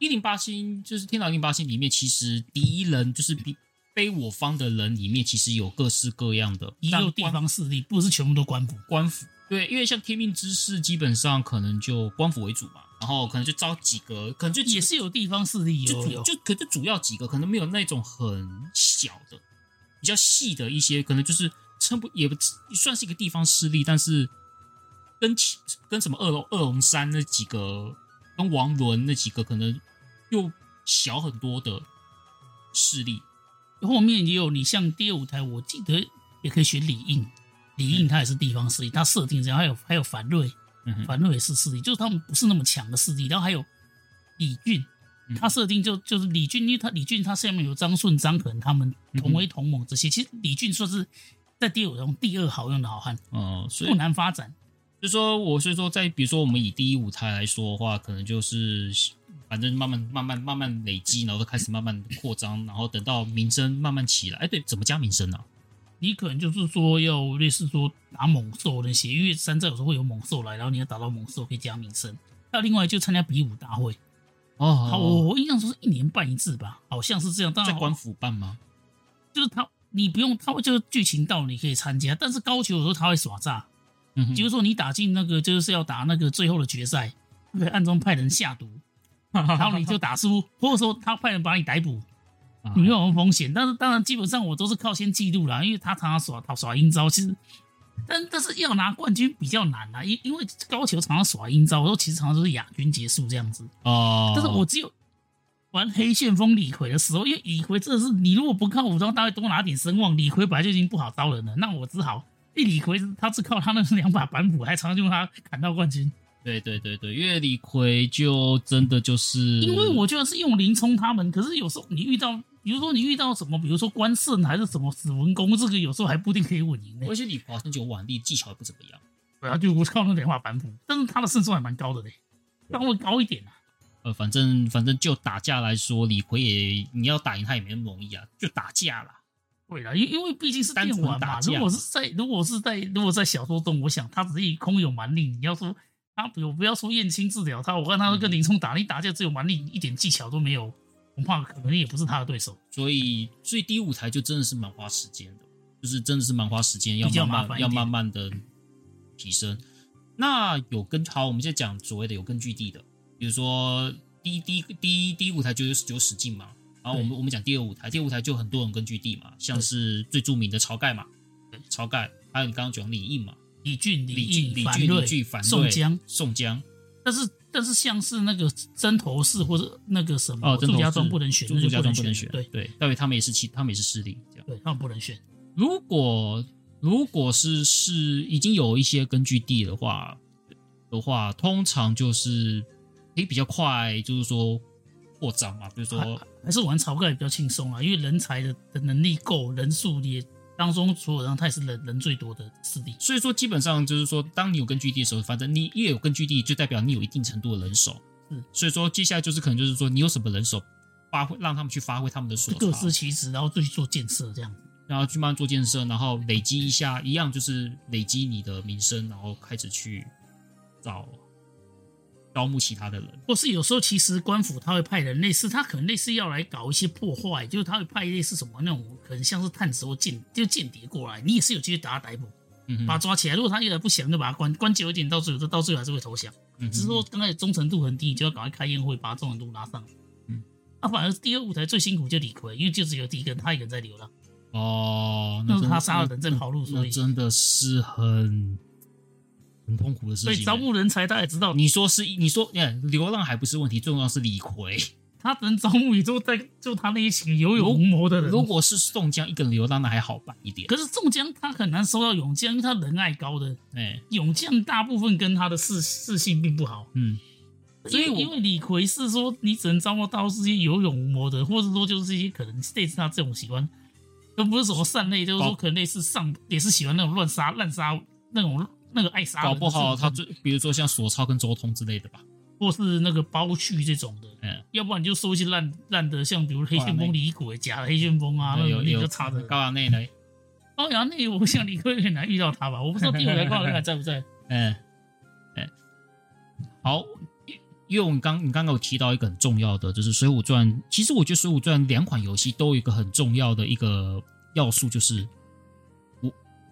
一零八星就是天導一零八星裡面，其實敵人就是比非我方的人裡面，其實有各式各樣的。一個地方勢力，不是全部都官府官府。對，因為像天命之誓，基本上可能就官府為主嘛，然後可能就招幾個，可能就也是有地方勢力，就主有有就可就主要幾個，可能沒有那種很小的、比較細的一些，可能就是撐不也不，也不也算是一個地方勢力，但是跟跟什麼二龍二龍山那幾個，跟王倫那幾個，可能又小很多的勢力。後面也有你像第二舞台，我記得也可以選李應。嗯李應他也是地方勢力，他設定，這樣，還有還有樊瑞，樊瑞、嗯、樊瑞也是勢力，就是他們不是那麼強的勢力。然後還有李俊，他設定就就是李俊，因為他李俊他下面有張順、張橫他們同為同盟這些。嗯、其實李俊算是在第五中第二好用的好漢哦、嗯，所以不難發展。就說我所以說在比如說我們以第一舞台來說的話，可能就是反正慢慢慢慢慢慢累積，然後就開始慢慢擴張，然後等到名聲慢慢起來。哎、欸，對，怎麼加名聲呢、啊？你可能就是說要類似說打猛獸那些，因為山寨有時候會有猛獸來，然後你要打到猛獸可以加名聲。那另外就參加比武大會。哦、oh, oh,，oh. 好，我印象中是一年辦一次吧，好像是這樣，當然。在官府辦嗎？就是他，你不用，他會就是劇情到了你可以參加，但是高俅有時候他會耍詐。嗯、mm -hmm.。就是說你打進那個，就是要打那個最後的決賽，會暗中派人下毒，然後你就打輸， *laughs* 或者說他派人把你逮捕。有沒有什麼風險？但是當然，基本上我都是靠先記錄了，因為他常常耍耍陰招。其實，但但是要拿冠軍比較難啊，因因為高球常常耍陰招，我都其實常常都是亞軍結束這樣子。哦，但是我只有玩黑旋風李逵的時候，因為李逵這是你如果不靠武裝大會多拿點聲望，李逵本來就已經不好招人了。那我只好，一李逵他是靠他那兩把板斧，還常常就用他砍到冠軍。對對對對，因為李逵就真的就是，因為我覺得是用林沖他們，可是有時候你遇到。比如說你遇到什麼，比如說關勝還是什麼史文恭，這個有時候還不一定可以穩贏，欸。而且李逵就武力技巧也不怎麼樣，對啊，就靠那兩把板斧。但是他的勝算還蠻高的嘞，稍微高一點啊。呃，反正反正就打架來說，李逵也你要打贏他也沒那麼容易啊，就打架啦。對啦，因為因為畢竟是電玩嘛，單純打。如果是在如果是在如果，在，如果在小說中，我想他只是空有蠻力。你要說他，比如不要說燕青治療他，我看他都跟林沖打，嗯，你打架只有蠻力，一點技巧都沒有。恐怕可能也不是他的對手，所以第一舞台就真的是蠻花時間的，就是真的是蠻花時間，要慢慢要慢慢的提升。那有跟，好，我們現在講所謂的有根據地的，比如說第一第一第一第一舞台就有有史進嘛，然後我們我們講第二舞台，第二舞台就很多人根據地嘛，像是最著名的晁蓋嘛，晁蓋，還有你剛剛講李應嘛，李俊、李應、李俊、李俊、宋江、宋江，但是。但是像是那個曾頭市，或者那個什麼哦，祝家莊不能選，祝、哦、家莊不能選，對對，因為他們也是其，他們也是勢力，這樣，對，他們不能選。如果如果是是已經有一些根據地的話對，的話，通常就是可以比較快就，就是說擴張嘛。比如說，還是玩晁蓋比較輕鬆啊，因為人才的的能力夠，人數也。當中，除了然後，它也是人人最多的勢力。所以說，基本上就是說，當你有根據地的時候，反正你一有根據地，就代表你有一定程度的人手。是。所以說，接下來就是可能就是說，你有什麼人手發，發揮讓他們去發揮他們的所，各司其職，然後就去做建設這樣，然後去慢慢做建設，然後累積一下，一樣就是累積你的名聲，然後開始去找。招募其他的人，或是有時候其實官府他會派人類似，他可能類似要來搞一些破壞，就是他會派一類似什麼那種，可能像是探子或間就間諜過來，你也是有機會把他逮捕、嗯，把他抓起來。如果他有點不降，就把他關關久一點，到最後都到最後還是會投降。只是說剛開始忠誠度很低，你就要趕快開宴會，把他忠誠度拉上。嗯，那、啊、反而第二舞台最辛苦就李逵，因為就只有第一個，他一個人在流浪。哦，那,是,那是他殺了人正跑路，所以真的是很。很痛苦的事情。所以招募人才，大家也知道。你說是，你說，流浪，還不是問題，最重要是李逵，他能招募宇宙在，就他那一群有勇無謀的人。如果是宋江一個人流浪那還好辦一點，可是宋江他很難收到勇將，因為他仁愛高的，哎，勇將大部分跟他的事事性並不好。嗯，所以因為，因為李逵是說，你只能招募到這些有勇無謀的，或者說就是這些可能類似他這種喜歡，又不是什麼善類，就是說可能類似上也是喜歡那種亂殺濫殺那種。那個愛莎搞不好他最比如說像索超跟周通之類的吧，或是那個鮑旭這種的，嗯，要不然你就收一些爛爛的，像比如黑旋風李鬼假的黑旋風啊，那個啊，有有有、哦啊，那種你就差的高衙內呢，高衙內，我想李逵很難遇到他吧，我不知道第五個掛哥還在不在 *laughs* 嗯，嗯，哎、嗯，好，因為我，我剛你剛剛有提到一個很重要的，就是《水滸傳》，其實我覺得《水滸傳》兩款遊戲都有一個很重要的一個要素，就是。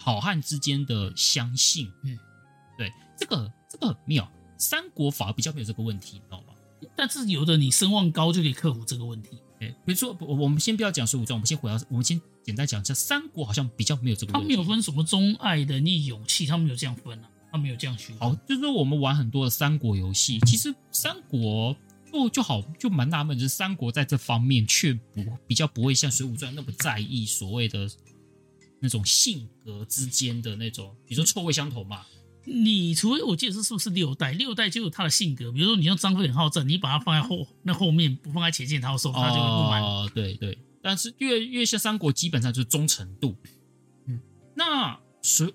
好漢之間的相性，嗯，對，這個這個很妙。三國反而比較沒有這個問題，你知道嗎？但是有的你聲望高就可以克服這個問題。誒、欸，比如說我，我們先不要講《水滸傳》，我們先回到，我們先簡單講一下，三國好像比較沒有這個問題。他沒有分什麼忠愛的、你勇氣，他沒有這樣分啊？他沒有這樣學？好，就是說我們玩很多的三國遊戲，其實三國就就好，就蠻納悶的，就是三國在這方面卻不比較不會像《水滸傳》那麼在意所謂的。那種性格之間的那種，比如說臭味相投嘛。你除非我記得是，是不是六代？六代就有他的性格。比如說，你像張飛很好戰，你把他放在後那後面，不放在前線，他的時候、哦、他就會不滿。哦對對。但是越越像三國，基本上就是忠誠度。嗯，那是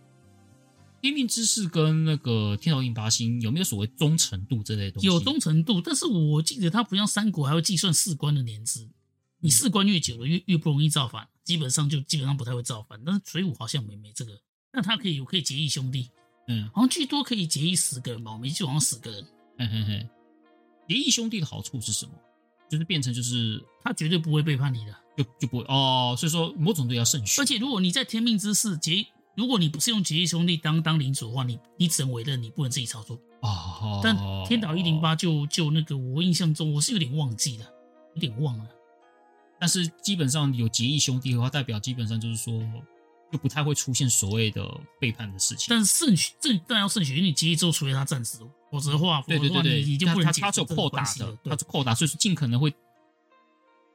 天命之誓跟那個天導108星有沒有所謂忠誠度這類的東西？有忠誠度，但是我記得他不像三國，還會計算士官的年資。你士官越久了，越越不容易造反。基本上就基本上不太會造反，但是水滸好像沒沒這個，那他可以有可以結義兄弟，嗯，好像最多可以結義十個人吧，沒記錯好像十個人。嘿嘿嘿，結義兄弟的好處是什麼？就是變成就是他絕對不會背叛你的，就就不會哦。所以說，某種程度要慎選。而且如果你在天命之誓結，如果你不是用結義兄弟當當領主的話，你你只能委任，你不能自己操作。哦，但天導一零八就就那個，我印象中我是有點忘記了，有點忘了。但是基本上有結義兄弟的話，代表基本上就是說，就不太會出現所謂的背叛的事情，但。但是勝選，正正要勝選，因為你結義之後除非他戰死。否則的話，對對對對，否則話你已經不能結義。他有擴大的，這個、他是擴大，所以盡可能會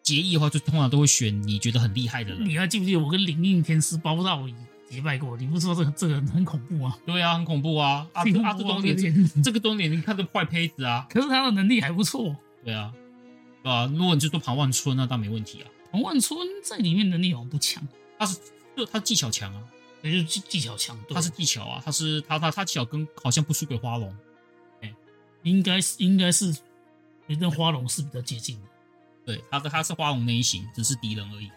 結義的話，就通常都會選你覺得很厲害的人。你還、啊、記不記得我跟靈應天師包道乙結拜過？你不是說這個這個人很恐怖嗎、啊？對啊，很恐怖啊！阿阿這多年，這、這、 *laughs* 這個多年你看這壞胚子啊！可是他的能力還不錯。對啊。啊，如果你就做龐萬春、啊，那倒沒問題啊。龐萬春在裡面的內容不強，他是就他技巧強啊，欸、就是技技巧強，他是技巧啊，他是他他他技巧跟好像不輸給花榮，哎、欸，應該是應該是跟花榮是比較接近的，對，他的他是花榮那一型，只是敵人而已。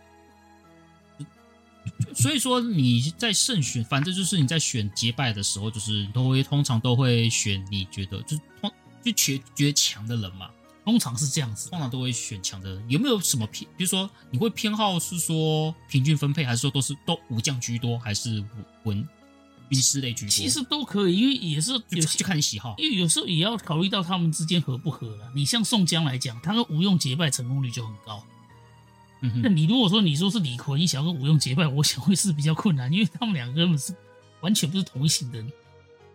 所以說你在慎選，反正就是你在選結拜的時候，就是你都會通常都會選你覺得就通就絕絕強的人嘛。通常是這樣子，通常都會選強的人。有沒有什麼偏？比如說，你會偏好是說平均分配，還是說都是都武將居多，還是文軍師類居多？其實都可以，因為也是就看你喜好。因為有時候也要考慮到他們之間合不合了。你像宋江來講，他跟吳用結拜成功率就很高。嗯哼，那你如果說你說是李逵，你想要跟吳用結拜，我想會是比較困難，因為他們兩個根本是完全不是同一型的人。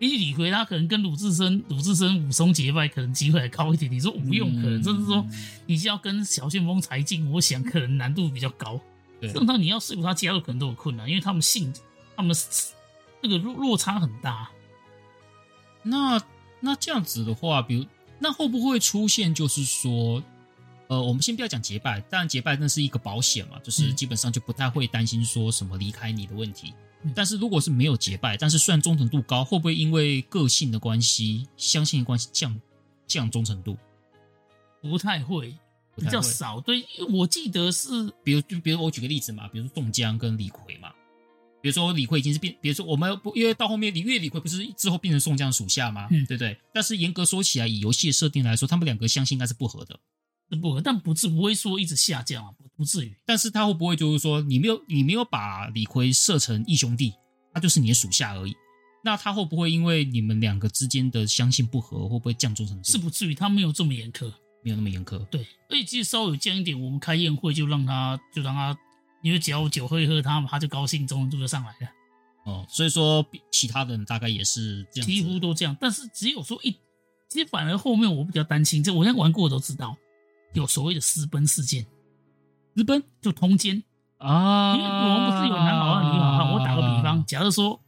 因為李逵他可能跟魯智深、魯智深、武松結拜可能機會還高一點。你說吳用可能、嗯、就是說，你要跟小旋風柴進、嗯，我想可能難度比較高。對，等你要說服他加入，可能都有困難，因為他們性，他們那個落落差很大。那那這樣子的話，比如那會不會出現就是說，呃，我們先不要講結拜，當然結拜那是一個保險嘛，就是基本上就不太會擔心說什麼離開你的問題。嗯但是如果是沒有結拜，但是算忠誠度高，會不會因為個性的關係、相性的關係降降忠誠度不？不太會，比較少。對，我記得是，比如就比如我舉個例子嘛，比如說宋江跟李逵嘛，比如說李逵已經是變，比如說我們不因為到後面李月李逵不是之後變成宋江屬下嘛，嗯，對對。但是嚴格說起來，以遊戲設定來說，他們兩個相性應該是不合的。不合，但不至，不會說一直下降啊，不，不至於。但是他會不會就是說，你沒有你沒有把李逵設成義兄弟，他就是你的屬下而已。那他會不會因為你們兩個之間的相性不合，會不會降忠誠？是不至於，他沒有這麼嚴苛，沒有那麼嚴苛。對，而且其實稍微有見一點，我們開宴會就讓他就讓他，因為只要酒喝一喝他，他他就高興，忠誠度就上來了。哦，所以說其他人大概也是這樣，幾乎都這樣，但是只有說一，其實反而後面我比較擔心，這我現在玩過的都知道。有所謂的私奔事件，私奔就通姦啊！因為我們不是有男保安、女保安？我打個比方，假如說，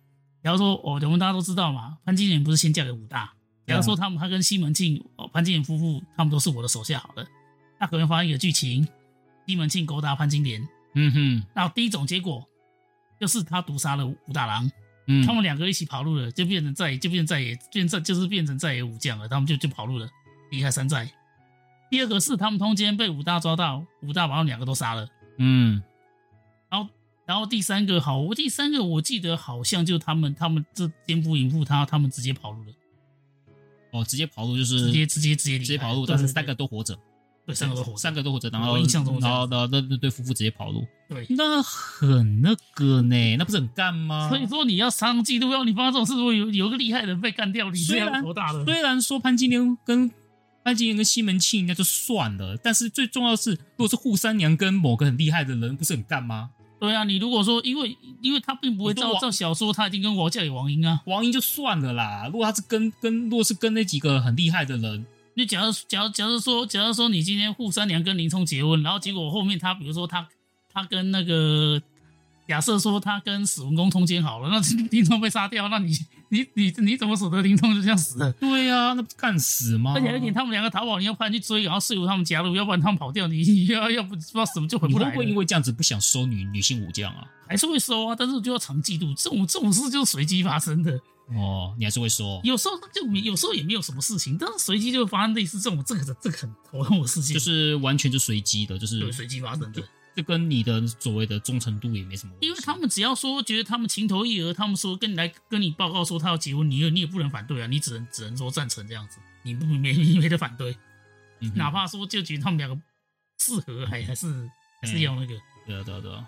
假如說，哦，我們大家都知道嘛，潘金蓮不是先嫁給武大？假如說他們，他跟西門慶，哦，潘金蓮夫婦，他們都是我的手下。好了，那可能發生一個劇情：西門慶勾搭潘金蓮，嗯哼，那第一種結果就是他毒殺了武大郎，嗯，他們兩個一起跑路了，就變成在野，就變在野，變在就是變成在野武將了，他們就就跑路了，離開山寨。第二個是他們通奸，被武大抓到，武大把他們兩個都殺了。嗯，然後然後第三個好，我第三個我記得好像就他們他們這奸夫淫婦，他他們直接跑路了。哦，直接跑路就是直接直接直接直接跑路，但是三個都活着。對，三個都活，三個都活，三個都活着。然後印象中，然後那那對，對夫婦直接跑路對。對，那很那個呢，那不是很幹嗎？所以說你要上季都要你發這種事，如果有有個厲害的人被幹掉，你雖然了。雖然說潘金蓮跟潘金蓮跟西門慶應該就算了，但是最重要的是，如果是扈三娘跟某個很厲害的人，不是很幹嗎？對啊，你如果說，因為因為他並不會照照小說，他已經跟我嫁給王英啊，王英就算了啦。如果他是跟跟，如果是跟那幾個很厲害的人，你假如假如假如說，假如說你今天扈三娘跟林沖結婚，然後結果後面他比如說他他跟那個假設說他跟史文恭通姦好了，那林沖被殺掉，那你？你你你怎麼捨得林沖就這樣死？對呀、啊，那不幹死嗎？而且而且他們兩個逃跑，你要派人去追，然後說服他們加入，要不然他們跑掉，你要要不，不知道什麼就回不來了。你會不會因為這樣子不想收女女性武將啊？還是會收啊，但是就要常嫉妒，這種這種事就是隨機發生的。哦，你還是會收，有時候就沒有，有時候也沒有什麼事情，但是隨機就發生類似這種這個這個很頭痛的事情，就是完全就隨機的，就是對隨機發生的。對就跟你的所謂的忠誠度也沒什麼。因為他們只要說覺得他們情投意合，他們說跟你來跟你報告說他要結婚，你又你也不能反對啊，你只能只能說贊成這樣子。你不沒你沒得反對、嗯，哪怕說就覺得他們兩個適合，還、嗯、還是、嗯、是要那個。對啊對啊對啊。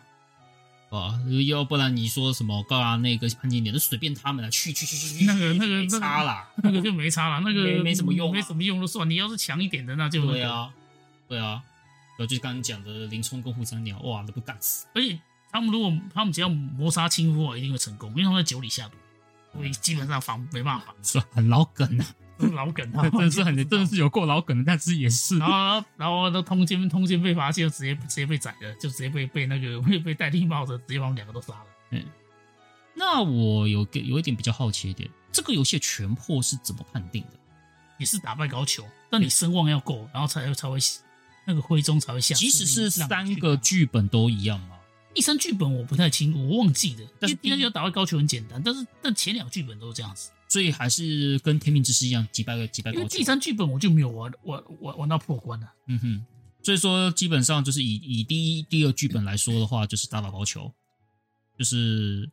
要、哦、不然你說什麼搞啊，那個潘金蓮就隨便他們了。去去去去去，那個那個、那個、差了、那個，那個就沒差了，那個沒什麼用，沒什麼用就、啊、算。你要是強一點的那就、那個、對啊，對啊。呃，就剛剛講的林衝跟扈三娘，哇，那不幹死。所、欸、以他們如果他們只要謀殺親夫啊，一定會成功，因為他們在酒裡下毒，所以基本上防沒辦法防、嗯。很老梗啊，老梗、啊，真的是很真的是有夠老梗的，但是也是。啊，然後那通姦通姦被發現，直接直接被宰了，就直接被被那個被被戴綠帽子，直接把我們兩個都殺了。嗯、欸，那我有個有一點比較好奇一點，這個遊戲全破是怎麼判定的？也是打敗高俅，但你聲望要夠，然後才才會。那個徽宗才會下。即使是三個劇本都一樣啊。第三劇本我不太清楚，我忘記了。但第三就要打敗高俅很簡單，但是但前兩劇本都是這樣子。所以還是跟《天命之誓》一樣，擊敗個擊敗高俅。因為第三劇本我就沒有玩，玩玩玩到破關了。嗯哼，所以說基本上就是以以第一、第二劇本來說的話，就是打打高俅，就是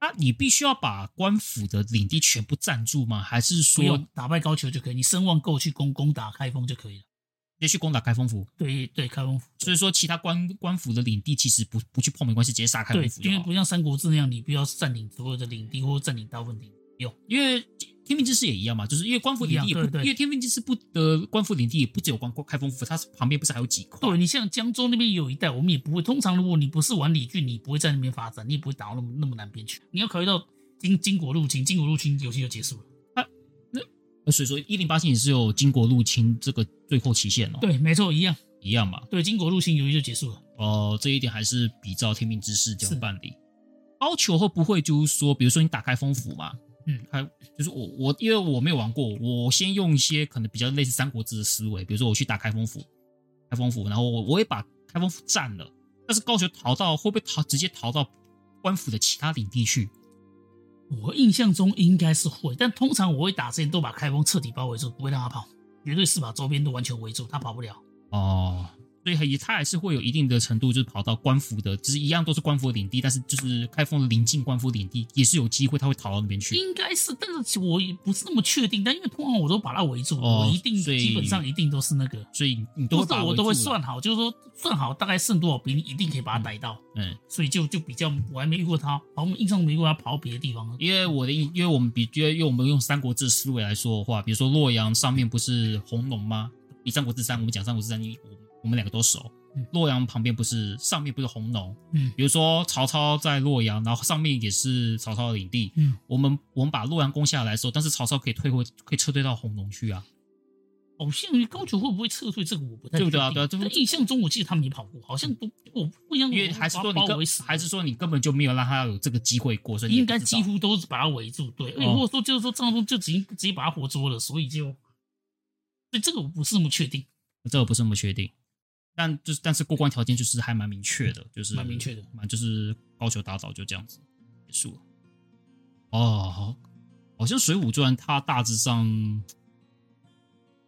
啊，你必須要把官府的領地全部占住嗎？還是說打敗高俅就可以？你聲望夠去攻攻打開封就可以了。直接去攻打開封府，對對，開封府。所以說，其他官官府的領地其實不不去碰沒關係，直接殺開封府就好。因為不像《三國志》那樣，你不要占領所有的領地或占領大問題。有，因為天命之誓也一樣嘛，就是因為官府領地，也不對，對。因為天命之誓不得官府領地，也不只有關開封府，它旁邊不是還有幾塊？對，你像江州那邊也有一帶，我們也不會。通常如果你不是玩李俊，你不會在那邊發展，你也不會打到那麼那麼南邊去。你要考慮到金金國入侵，金國入侵遊戲就結束了。所以說，一零八星也是有金國入侵這個最後期限哦、喔。對，沒錯，一樣一樣嘛，對，金國入侵遊戲就結束了。哦、呃，這一點還是比照《天命之誓》這樣辦理。高俅會不會就是說，比如說你打開封府嘛？嗯，開就是我我因為我沒有玩過，我先用一些可能比較類似《三國志》的思維，比如說我去打開封府，開封府，然後我,我也把開封府占了。但是高俅逃到會不會逃直接逃到官府的其他領地去？我印象中應該是會，但通常我會打之前都把開封徹底包圍住，不會讓他跑，絕對是把周邊都完全圍住，他跑不了。哦。所以，他還是會有一定的程度，就是跑到官府的，只、就是一樣都是官府領地，但是就是開封的鄰近官府領地也是有機會他會逃到那邊去。應該是，但是我也不是那麼確定，但因為通常我都把他圍住，哦、我一定基本上一定都是那個，所以你都是我都會算好，就是說算好大概剩多少兵，比你一定可以把他逮到。嗯，嗯所以就就比較我還沒遇過他，我們印象沒遇過他跑別的地方。因為我的，因為我們比，因為我們用《三國志》思維來說的話，比如說洛陽上面不是紅龍嗎？以《三國志》三，我們講《三國志》三一。我們兩個都熟，洛陽旁邊不是上面不是弘農、嗯？比如說曹操在洛陽，然後上面也是曹操的領地。嗯、我們我們把洛陽攻下來的時候，但是曹操可以退回，可以撤退到弘農去啊？好、哦、像高俅會不會撤退？這個我不太清楚、啊、對啊，對啊，印象中我記得他沒跑過，好像不，嗯、我不一樣。因為還是說你，還是說你根本就沒有讓他有這個機會過？所以你應該幾乎都是把他圍住，對，或者說就是說戰鬥中就直接、哦、就直接把他活捉了，所以就所以這個我不是那麼確定，這個不是那麼確定。但就是，但是過關條件就是還蠻明確的，就是蠻明確的，蠻就是高俅打早就這樣子結束了。哦，好，好，好，好，好像《水滸傳》它大致上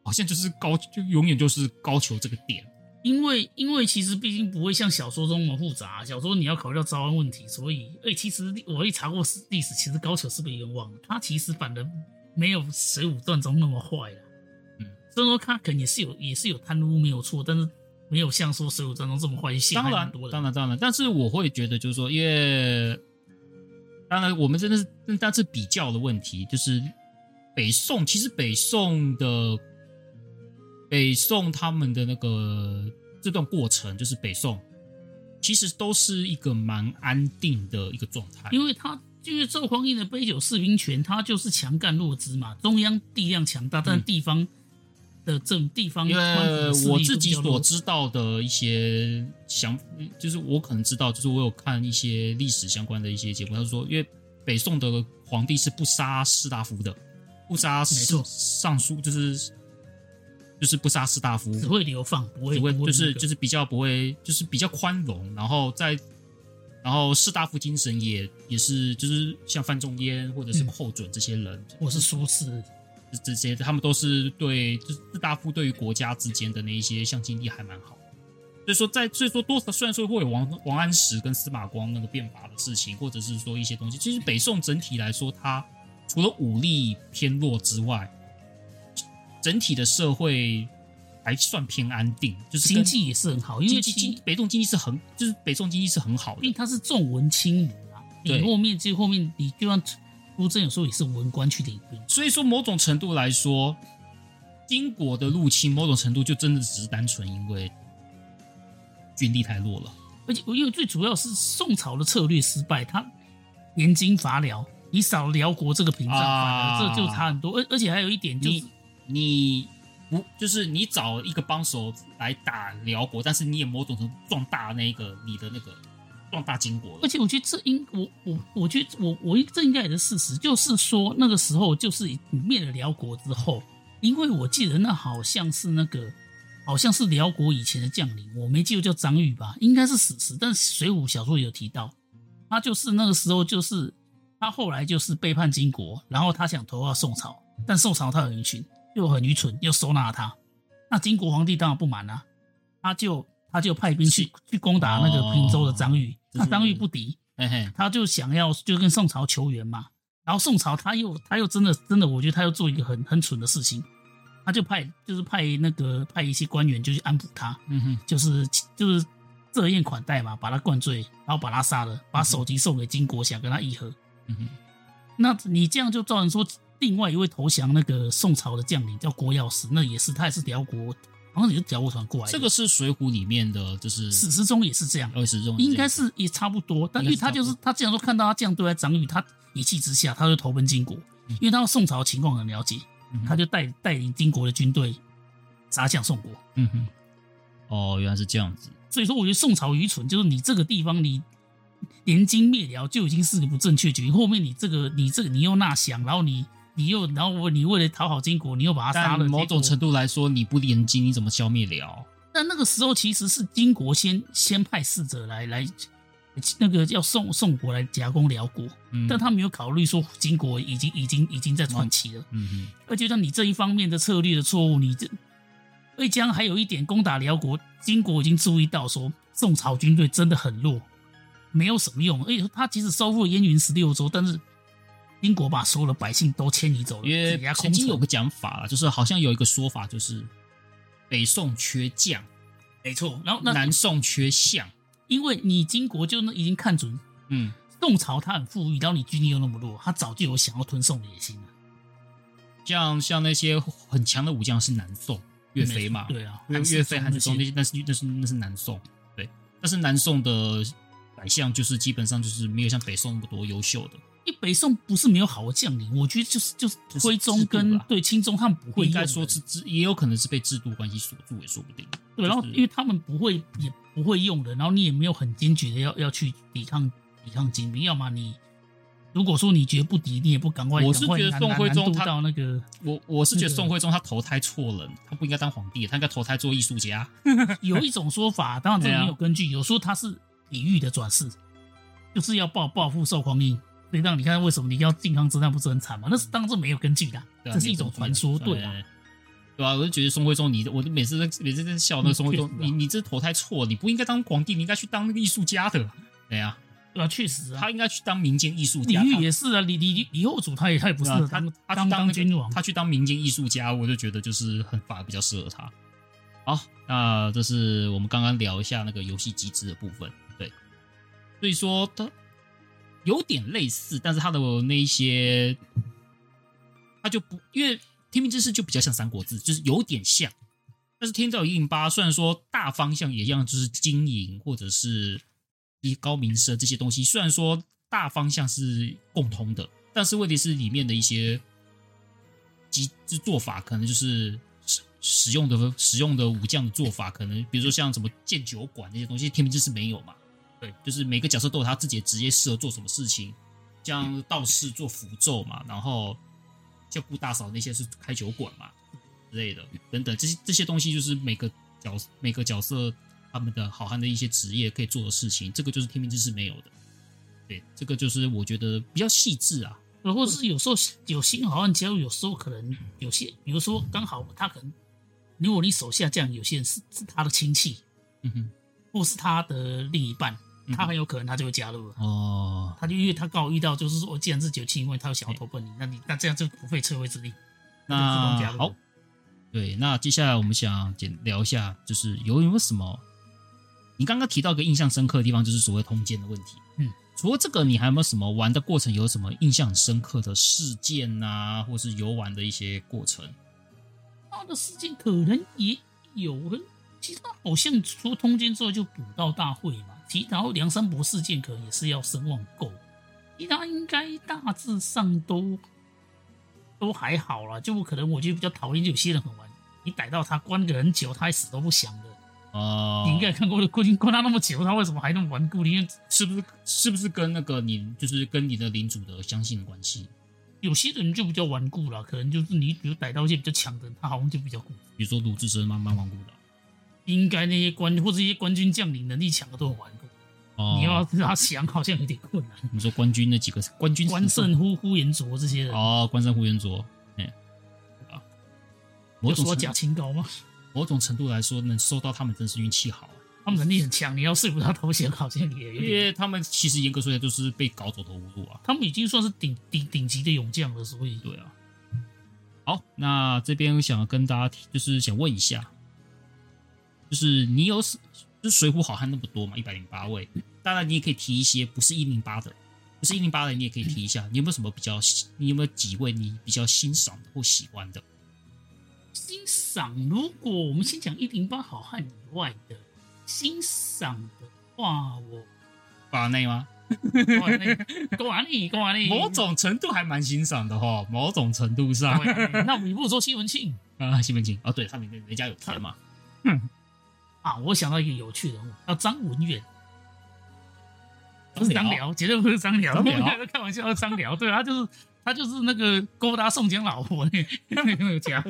好像就是高就永遠就是高俅這個點，因為因為其實畢竟不會像小說中那麼複雜、啊，小說你要考慮到招安問題，所以哎，其實我一查過史歷史，其實高俅是被冤枉，他其實反而沒有《水滸傳》中那麼壞了，嗯，雖然說他肯也是有也是有貪污沒有錯，但是。沒有像說《水滸傳》中這麼歡喜，當然當然，當然，但是我會覺得，就是說，因為當然，我們真的是，但是比較的問題，就是北宋，其實北宋的北宋他們的那個這段過程，就是北宋其實都是一個蠻安定的一個狀態，因為他因為趙匡胤的杯酒釋兵權，他就是強幹弱枝嘛，中央力量強大，但地方、嗯。的這種地方，因為我自己所知道的一些想，就是我可能知道，就是我有看一些歷史相關的一些節目。他、就是、說，因為北宋的皇帝是不殺士大夫的，不殺沒錯，尚書就是就是不殺士大夫，只會流放，不會不、那個、會，就是就是比較不會，就是比較寬容。然後在然後士大夫精神也也是就是像范仲淹或者是寇準這些人，我、嗯就是蘇軾。這些他們都是對、就是士大夫對於國家之間的那一些像經濟還蠻好，所以說在所以說多雖然說會有王王安石跟司馬光那個變法的事情，或者是說一些東西，其實北宋整體來說，他除了武力偏弱之外，整體的社會還算偏安定，就是經濟也是很好，因為經經北宋經濟是很就是北宋經濟是很好的，因為他是重文輕武啊對，你後面這後面你就算。烏鎮有時候也是文官去領兵，所以說某種程度來說，金國的入侵，某種程度就真的只是單純因為軍力太弱了，而且因為最主要是宋朝的策略失敗，他聯金伐遼，你少遼國這個屏障，啊，這個、就差很多。而而且還有一點，就是你不就是你找一個幫手來打遼國，但是你也某種程度壯大那個你的那個。壯大金國，而且我覺得這應我我我覺得我我這應該也是事實，就是說那個時候就是滅了遼國之後，因為我記得那好像是那個好像是遼國以前的將領，我沒記得叫張玉吧，應該是史實，但是水滸小說有提到他，就是那個時候就是他後來就是背叛金國，然後他想投靠宋朝，但宋朝他很愚蠢，又很愚蠢又收納他，那金國皇帝當然不滿啊，他就他就派兵去去攻打那個平州的張玉。他當遇不敵嘿嘿，他就想要就跟宋朝求援嘛。然後宋朝他又他又真的真的，我覺得他又做一個很很蠢的事情，他就派就是派那個派一些官員就去安撫他、嗯哼，就是就是設宴款待嘛，把他灌醉，然後把他殺了，把首級送給金國、嗯，想跟他議和、嗯哼。那你這樣就造成說，另外一位投降那個宋朝的將領叫郭藥師，那也是他也是遼國。然後你就調過船過來，這個是《水滸》裡面的，就是史實中也是這樣，哦、史實中應該是也差不，該是差不多。但因為他就是，是他，這樣說看到他這樣對待張宇，他一氣之下他就投奔金國，嗯、因為他對宋朝情況很了解，嗯、他就帶帶領金國的軍隊殺向宋國。嗯哼，哦，原來是這樣子。所以說，我覺得宋朝愚蠢，就是你這個地方你聯金滅遼就已經是個不正確局，後面你這個你這個你又納降，然後你。你又，然後你為了討好金國，你又把他殺了。某種程度來說，你不聯金，你怎麼消滅遼？但那個時候其實是金國先先派使者來來，那個要宋宋國來夾攻遼國。嗯，但他沒有考慮說金國已經已經已經在喘氣了。嗯。嗯哼。而且，像你這一方面的策略的錯誤，你這魏將還有一點攻打遼國，金國已經注意到說宋朝軍隊真的很弱，沒有什麼用。而且他即使收復了燕雲十六州，但是。金國把所有的百姓都遷移走了。因為曾經有個講法了，就是好像有一個說法，就是北宋缺將，沒錯。然後南宋缺相，因為你金國就那已經看準，嗯，宋朝他很富裕，然後你軍力又那麼弱，他早就有想要吞宋的野心了。像像那些很強的武將是南宋，岳飛嘛，對啊，岳飛、韓世忠那些，但是那是那是南宋，對，但是南宋的宰相就是基本上就是沒有像北宋那麼多優秀的。因為北宋不是沒有好的將領，我覺得就是就是徽宗跟對欽宗他們不會用，應該說是制，也有可能是被制度關係鎖住，也說不定。對、就是，然後因為他們不會，也不會用人，然後你也沒有很堅決的要要去抵抗抵抗金兵，要麼你如果說你絕不敵，你也不趕快。我是覺得宋徽宗他難難到那個，我我是覺得宋徽宗他投胎錯了，他不應該當皇帝，他應該投胎做藝術家。 *laughs* 有一種說法，當然這個沒有根據， *laughs* 有人說他是李煜的轉世，就是要報報復趙匡胤。對，當你看為什麼你要靖康之難，不是很慘嗎？那是當時沒有根據的、嗯啊，這是一種傳說，對吧、啊啊啊啊啊啊？對啊，我就覺得宋徽宗，你我就每次每次在笑那個宋徽宗、啊，你你這投胎錯了，你不應該當皇帝，你應該去當那個藝術家的。對啊，對啊，確實啊，他應該去當民間藝術家。啊、李煜也是啊，李李李後主他不、啊，他也他也不是他他去當君王，他去當民間藝術家，我就覺得就是很反而比較適合他。好，那這是我們剛剛聊一下那個遊戲機制的部分，對，所以說他。有點類似，但是他的那一些，他就不，因為《天命之誓》就比較像《三國志》，就是有點像。但是《天導108》，雖然說大方向也一樣，就是經營或者是一高明社這些東西，雖然說大方向是共通的，但是問題是裡面的一些機制做法，可能就是使用的使用的武將的做法，可能比如說像什麼建酒館那些東西，《天命之誓》沒有嘛。對，就是每個角色都有他自己的職業，適合做什麼事情，像道士做符咒嘛，然後像顧大嫂那些是開酒館嘛之類的，等等，這些這些東西就是每個角每個角色他們的好漢的一些職業可以做的事情，這個就是《天命之誓》沒有的。對，這個就是我覺得比較細致啊。或者是有時候有新好漢加入，有時候可能有些，比如說剛好他可能如果你手下這樣有些人是是他的親戚，嗯哼，或是他的另一半。他很有可能他就會加入了，嗯、哦，他就因為他剛好遇到，就是說，我、哦、既然是九七，因為他又想要投奔你，欸、那你那這樣就不費吹灰之力，他就自動加入了，那好對，那接下來我們想簡聊一下，就是有沒有什麼？你剛剛提到一個印象深刻的地方，就是所謂通姦的問題。嗯，除了這個，你還有沒有什麼玩的過程？有什麼印象深刻的事件啊，或是遊玩的一些過程？他的事件可能也有，其實他好像出通姦之後就補到大會嘛其他梁山泊事件可能也是要聲望夠，其他應該大致上都都還好了，就可能我就比較討厭有些人很頑，你逮到他關個人很久，他還死都不想的、呃。你應該看過了，關關他那麼久，他為什麼還那麼頑固？因為是不是是不是跟那個你就是跟你的領主的相性的關係？有些人就比較頑固了，可能就是你比如逮到一些比較強的人，他好像就比較頑固。比如說魯智深蠻蠻頑固的，應該那些官或者一些官軍將領能力強的都很頑固。哦、你要讓他降，好像有點困難。 *laughs* 你說官軍那幾個官軍，關勝、呼呼延灼這些人。哦，關勝、呼延灼，哎，啊，我說假清高嗎？某種程度來說，能收到他們真是運氣好，啊他好啊。他們能力很強，你要說服他投降，好像也有因為他們其實嚴格說來都是被搞走投無路啊。他們已經算是頂頂頂級的勇將了，所以對啊。好，那這邊想跟大家就是想問一下，就是你有什？就是水滸好漢那麼多嘛，一百零八位。當然，你也可以提一些不是一零八的，不是一零八的，你也可以提一下。你有沒有什麼比較？你有沒有幾位你比較欣賞或喜歡的？欣賞？如果我們先講一零八好漢以外的欣賞的話我，我把內嗎？把內，把內，管內。某種程度還蠻欣賞的哈。某種程度上，那你不如說西門慶啊，西門慶啊，對，他裡面人家有錢嘛。啊嗯啊，我想到一個有趣人物，叫、啊、張文遠，不是張遼，絕對不是張遼，開玩笑，張遼，對，他就是他就是那個勾搭宋江老婆的那個家伙，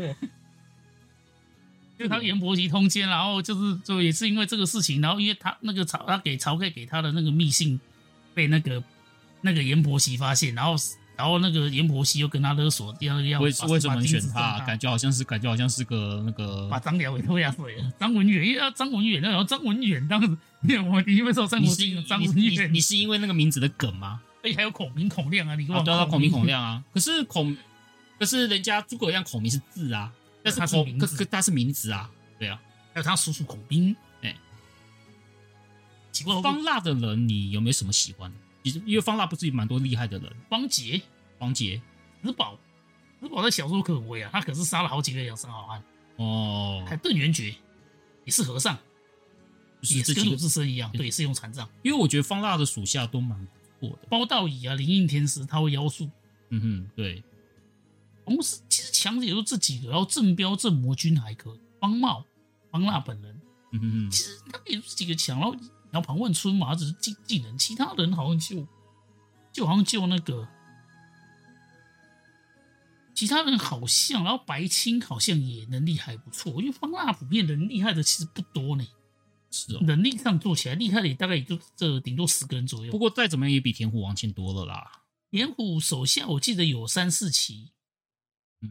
就他閻婆惜通姦，然後就是就也是因為這個事情，然後因為他那個晁他給晁蓋給他的那個密信被那個那個閻婆惜發現，然後。然後那個閻婆惜又跟他勒索，第二個要。為為什麼選他，他？感覺好像是感覺好像是個那個。把張遼也拖下水了張、啊。張文遠，張文遠，然後張文遠當時，你為什麼？是因為張文遠你你？你是因為那個名字的梗嗎？哎，還有孔明、孔亮啊！你我都要孔明、孔亮啊！可是孔，可是人家諸葛亮孔明是字啊，但是孔，他是可是他是名字啊，對啊，還有他叔叔孔斌。哎。請問方臘的人，你有沒有什麼喜歡？因為方臘不是有蠻多厲害的人，方杰、方傑、石寶、石寶在小說可威啊，他可是殺了好幾個梁山好漢哦，還鄧元覺也是和尚，就是、也是跟魯智深一樣、就是，對，是用禪杖。因為我覺得方臘的屬下都蠻不錯的，包道乙啊，靈應天師他會妖術，嗯哼，對，他們其實強的也就這幾個，然後鎮彪鎮魔軍還可以，方茂、方臘本人，嗯哼，哼，其實他們也就這幾個強，然後。然後龐萬春嘛，只是技技能，其他人好像就就好像就那個，其他人好像，然後白青好像也能力還不錯，因為方臘普遍人厲害的其實不多呢，是的、哦、能力上做起來厲害的也大概也就這頂多十個人左右。不過再怎麼樣也比田虎王慶多了啦。田虎手下我記得有三四騎，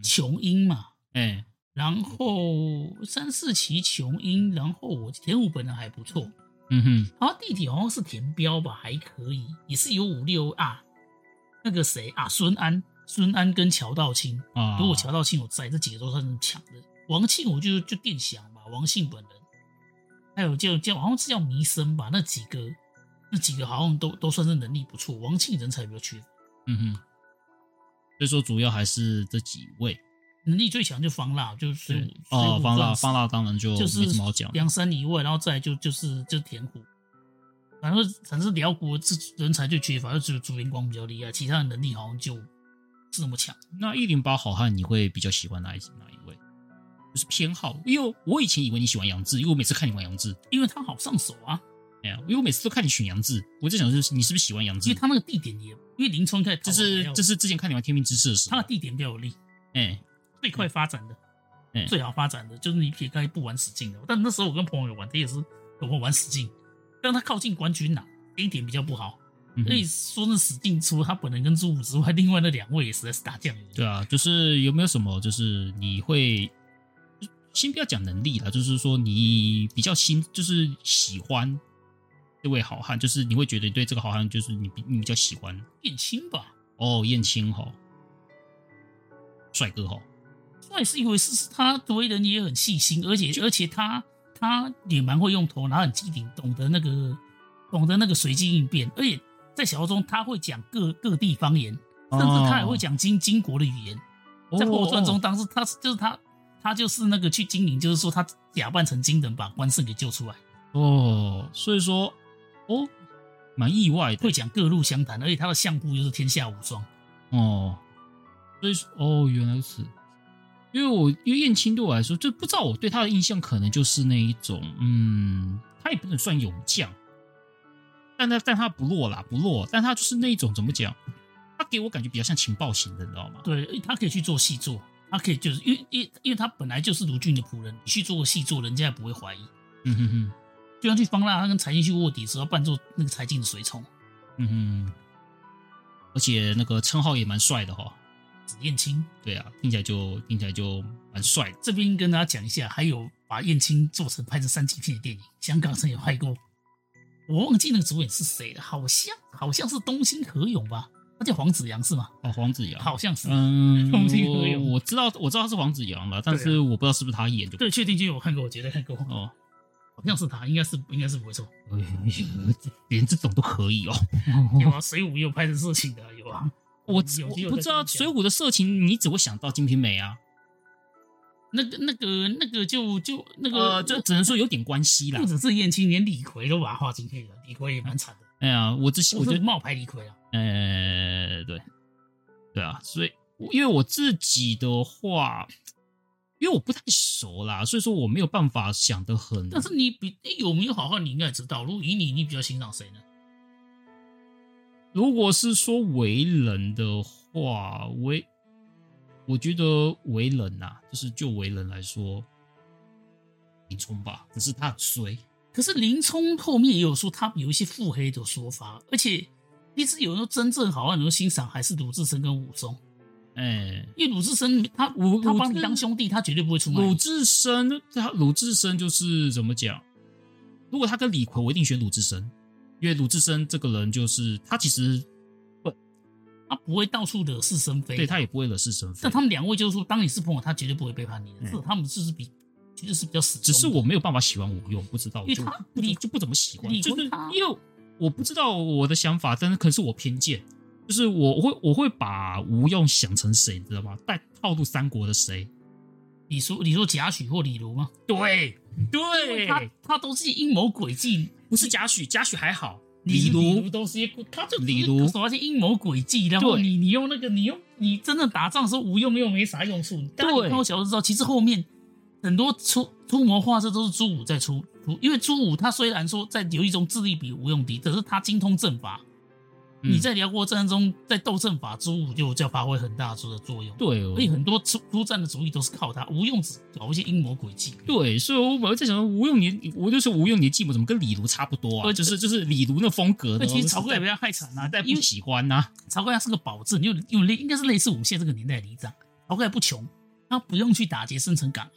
瓊、嗯、英嘛，哎、欸，然後三四騎瓊英，然後我田虎本人還不錯。嗯哼，然後弟弟好像是田彪吧，還可以，也是有五六啊。那個誰啊，孫安，孫安跟喬道清啊、哦，如果喬道清有在，這幾個都算是強的。王慶我就就殿想吧，王慶本人，還有叫叫，叫好像是叫彌生吧，那幾個那幾個好像都都算是能力不錯，王慶人才比較缺。嗯哼，所以說主要還是這幾位。能力最強就方臘，哦，就是哦，方臘，方臘當然就就是沒什麼好講。梁山一位，然後再就就是就是，田虎，反正反正遼國這人才最缺乏，就只有朱元光比較厲害，其他的能力好像就沒那麼強。那一零八好漢，你會比較喜歡哪一哪一位？就是偏好，因為我以前以為你喜歡楊志，因為我每次看你玩楊志，因為他好上手啊，哎呀，因為我每次都看你選楊志，我在想就是你是不是喜歡楊志？因為他那個地點也，因為林沖開就是就是之前看你玩天命之士的時候，他的地點比較有利，哎，欸。最快發展的，最好發展的就是你撇開不玩史進的，但那時候我跟朋友玩，他也是跟我玩史進，但他靠近冠軍啊，一點比較不好。所以說那史進除了他本人跟朱武之外，另外那兩位也實在是打醬油。對啊，就是有沒有什麼就是你會先不要講能力了，就是說你比較新，就是喜歡這位好漢，就是你會覺得對這個好漢，就是你比你比較喜歡燕青吧？哦，燕青好，帥哥哈。那也是因為是他作為人也很細心，而且而且他他也蠻會用頭腦，很機靈，懂得那個懂得那個隨機應變。而且在小說中，他會講各各地方言，甚至他還會講金金國的語言。在《後傳》中，當時他就是他他就是那個去金陵，就是說他、就是、假扮成金人，把關勝給救出來。哦，所以說哦蠻意外的，會講各路鄉談，而且他的相撲又是天下無雙。哦，所以說哦原來是。因為我，因為燕青對我來說，就不知道我對他的印象可能就是那一種，嗯，他也不能算勇將，但他但他不弱啦，不弱，但他就是那一種，怎麼講？他給我感覺比較像情報型的，你知道嗎？對，他可以去做細作，他可以就是因為因為因為他本來就是盧俊的僕人，你去做細作，人家也不會懷疑。嗯哼哼，就像去方臘，他跟柴進去臥底的時候扮作那個柴進的隨從。嗯哼，而且那個稱號也蠻帥的哈、哦。燕青，對啊，聽起來就聽起來就蠻帥的。這邊跟大家講一下，還有把燕青做成拍成三級片的電影，香港曾有拍過，我忘記那個主演是誰了，好像好像是東興何勇吧？他叫黃子揚是嗎？哦，黃子揚，好像是。嗯，東興何勇我，我知道，我知道他是黃子揚了，但是我不知道是不是他演，的、啊。對，確定就有看過，我覺得看過。哦，好像是他，應該是應該是不會錯、哎。連這種都可以哦，有啊，水滸也有拍成色情的，有啊。嗯、我、嗯嗯、我只不知道《水滸》的色情、嗯，你只會想到、啊《金瓶梅》啊？那個、那個、那個，就就那個，就只能說有點關係了。不只是燕青，連李逵都把他畫進去了，李逵也蠻慘的。哎、嗯、呀、欸啊，我這我是我就冒牌李逵啊！哎、欸，對，對啊。所以，因為我自己的話，因為我不太熟啦，所以說我沒有辦法想得很。但是你比、欸、有沒有好好？你應該知道，如果以你，你比較欣賞誰呢？如果是說為人的話，為我覺得為人吶、啊，就是就為人來說，林沖吧。可是他很衰。可是林沖後面也有說他有一些腹黑的說法，而且一直有人說真正好讓人欣賞還是魯智深跟武松。哎，因為魯智深他武他幫你當兄弟，他絕對不會出賣。魯智深他魯智深就是怎麼講？如果他跟李逵，我一定選魯智深。因為魯智深這個人就是他，其實不，他不會到處惹是生非，對，他也不會惹是生非。但他們兩位就是說，當你是朋友，他絕對不會背叛你的、嗯。是他們就是比，其、就、實是比較死忠。只是我沒有辦法喜歡吳用，不知道，就你就，就不怎麼喜歡，你就是因為我不知道我的想法，但是可能是我偏見，就是我會我會把吳用想成誰，你知道嗎？帶套路三國的誰？你說你說賈詡或李儒嗎？對對、嗯，他他都是陰謀詭計。不是賈詡，賈詡還好，李儒他就些，他就搞些陰謀詭計，然後你你用那個，你用你真的打仗的時候吳用，又沒啥用處。對，但你看我小的時候知道，其實後面很多出出謀劃策都是朱武在出，因為朱武他雖然說在遊戲中智力比吳用低，可是他精通陣法。嗯、你在遼國戰爭中，在鬥陣法之物，就就要發揮很大的作用。對、哦，所以很多出出戰的主意都是靠他。吳用只搞一些陰謀詭計。對，所以我每次在想，吳用你，我就說吳用你的計謀怎麼跟李儒差不多啊？對，就是就是李儒那風格。那其實晁蓋不要害慘啊，但不喜歡吶、啊。晁蓋他是個保正，又又類應該是類似我們現在這個年代的里長。晁蓋不窮，他不用去打劫生辰綱。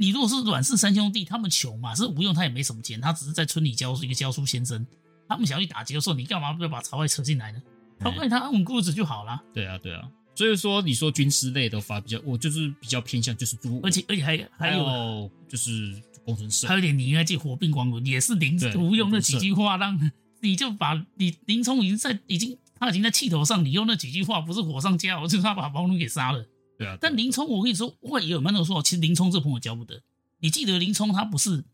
你如果是阮氏三兄弟，他們窮嘛，是吳用他也沒什麼錢，他只是在村裡教書，一個教書先生。他們想要去打劫的時候，你幹嘛不要把晁蓋扯進來呢？晁蓋他安穩固執就好了。對啊，對啊。所以說，你說軍師類的話比較，我就是比較偏向就是朱，而且而且還還有，還有就是公孫勝，還有點你應該記火併王倫，也是林吳用那幾句話讓你就把你林沖已經在已經他已經在氣頭上，你用那幾句話不是火上澆油，就是他把王倫給殺了。對啊。對但林沖，我跟你說，我也有蠻多說，其實林沖這朋友交不得。你記得林沖他不是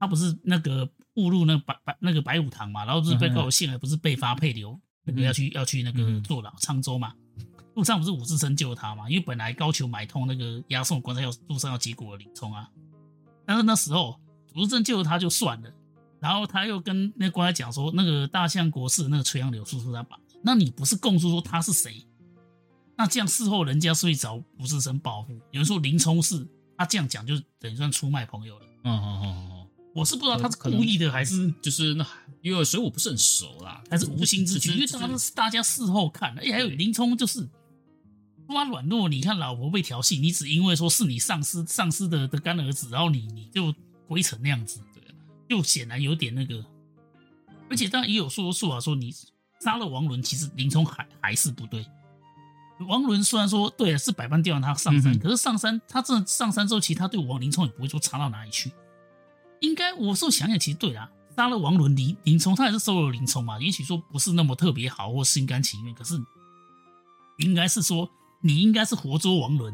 他不是那個。誤入那白白那個白虎、那個、堂嘛，然後就是被高俅陷害，不是被發配流、嗯、那個要去要去那個坐牢滄州嘛。路上不是武智深救他嘛？因為本來高俅買通那個押送官差要路上要結果林沖啊。但是那時候武智深救了他就算了，然後他又跟那官差講說，那個大相國寺那個垂楊柳叔叔他把，那你不是供述說他是誰？那這樣事後人家是會找武智深報復。有人說林沖是，他這樣講就等於算出賣朋友了。嗯嗯嗯嗯。哦哦我是不知道他是故意的還是，還是，是就是那因為所以我不是很熟啦，還是無心之舉。因為他是大家事後看，哎，還有林沖就是他軟弱，你看老婆被調戲，你只因為說是你上司上司的的乾兒子，然後你你就歸成那樣子，對，就顯然有點那個。而且當然也有說說啊，說你殺了王倫，其實林沖還還是不對。王倫雖然說對啊，是百般刁難他上山，可是上山他這上山之後，其實他對王林沖也不會說差到哪裡去。應該我說，想想，其實對啦，殺了王倫，林林沖他也是收了林沖嘛，也許說不是那麼特別好，或心甘情願，可是應該是說，你應該是活捉王倫，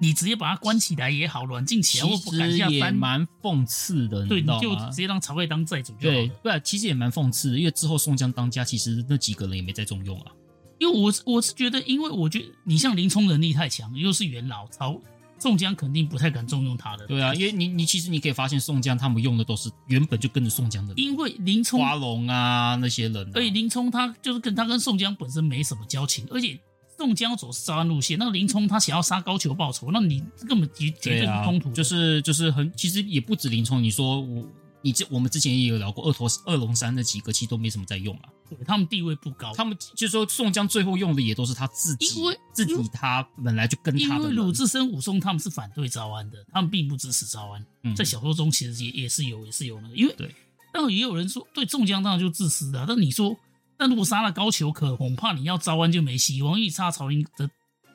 你直接把他關起來也好，軟禁起來，其實也蠻諷刺的，對，你就直接讓晁蓋當寨主就好了。對，對啊，其實也蠻諷刺的，因為之後宋江當家，其實那幾個人也沒再重用啊。因為我我是覺得，因為我覺得你像林沖能力太強，又是元老，晁。宋江肯定不太敢重用他的。對啊，因為你你其實你可以發現，宋江他們用的都是原本就跟着宋江的、啊人啊，因為林沖、花榮啊那些人。所以林沖他就是跟他跟宋江本身沒什麼交情，而且宋江走招安路線，那個林沖他想要殺高俅報仇，那你根本也絕對沖、啊、突。就是就是很，其實也不止林沖，你說我。你這我們之前也有聊過，二陀二龍山那幾個其實都沒什麼在用啊，對他們地位不高，他們就是說宋江最後用的也都是他自己，因為因為自己他本來就跟他的。因為魯智深、武松他們是反對招安的，他們並不支持招安，嗯，在小說中其實也也是有，也是有那個，因為，對。但也有人說，對宋江當然就自私的啊，但你說，但如果殺了高俅，可恐怕你要招安就沒戲，王義差、曹營的。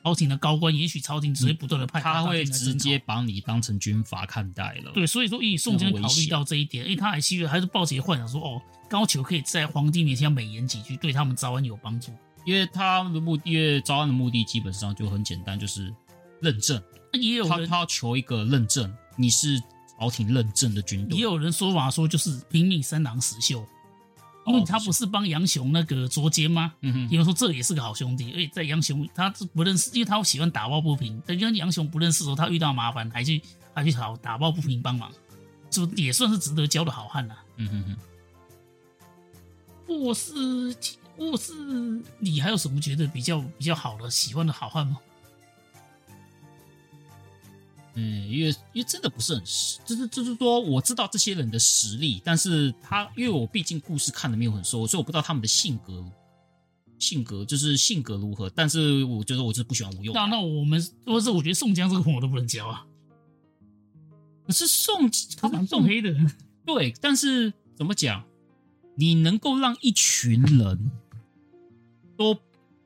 朝廷的高官，也許朝廷只會不斷的派他。他會直接把你當成軍閥看待了。對，所以說，哎、欸，宋江考慮到這一點，哎、欸，他還希望還是抱着幻想說，哦，高俅可以在皇帝面前美言幾句，對他們招安有幫助。因為他們的目的，因為招安的目的基本上就很簡單，就是認證。也有人他，他要求一個認證，你是朝廷認證的軍隊。也有人說法說，就是拼命三郎石秀。因為他不是幫楊雄那個捉姦嗎？嗯、哦、哼，因為說這也是個好兄弟，嗯、而在楊雄他不認識，因為他喜歡打抱不平。但跟楊雄不認識的時候，他遇到麻煩還去還去討打抱不平幫忙，就也算是值得交的好漢呢、啊？嗯哼哼，我是我是你還有什麼覺得比較比較好的喜歡的好漢嗎？嗯，因為因為真的不是很實，就是就是說，我知道這些人的實力，但是他因為我畢竟故事看的沒有很熟，所以我不知道他們的性格性格就是性格如何。但是我覺得我就是不喜歡吳用的。那那我們或者是我覺得宋江這個朋友都不能交啊。可是宋可是宋黑的，對，但是怎麼講？你能夠讓一群人都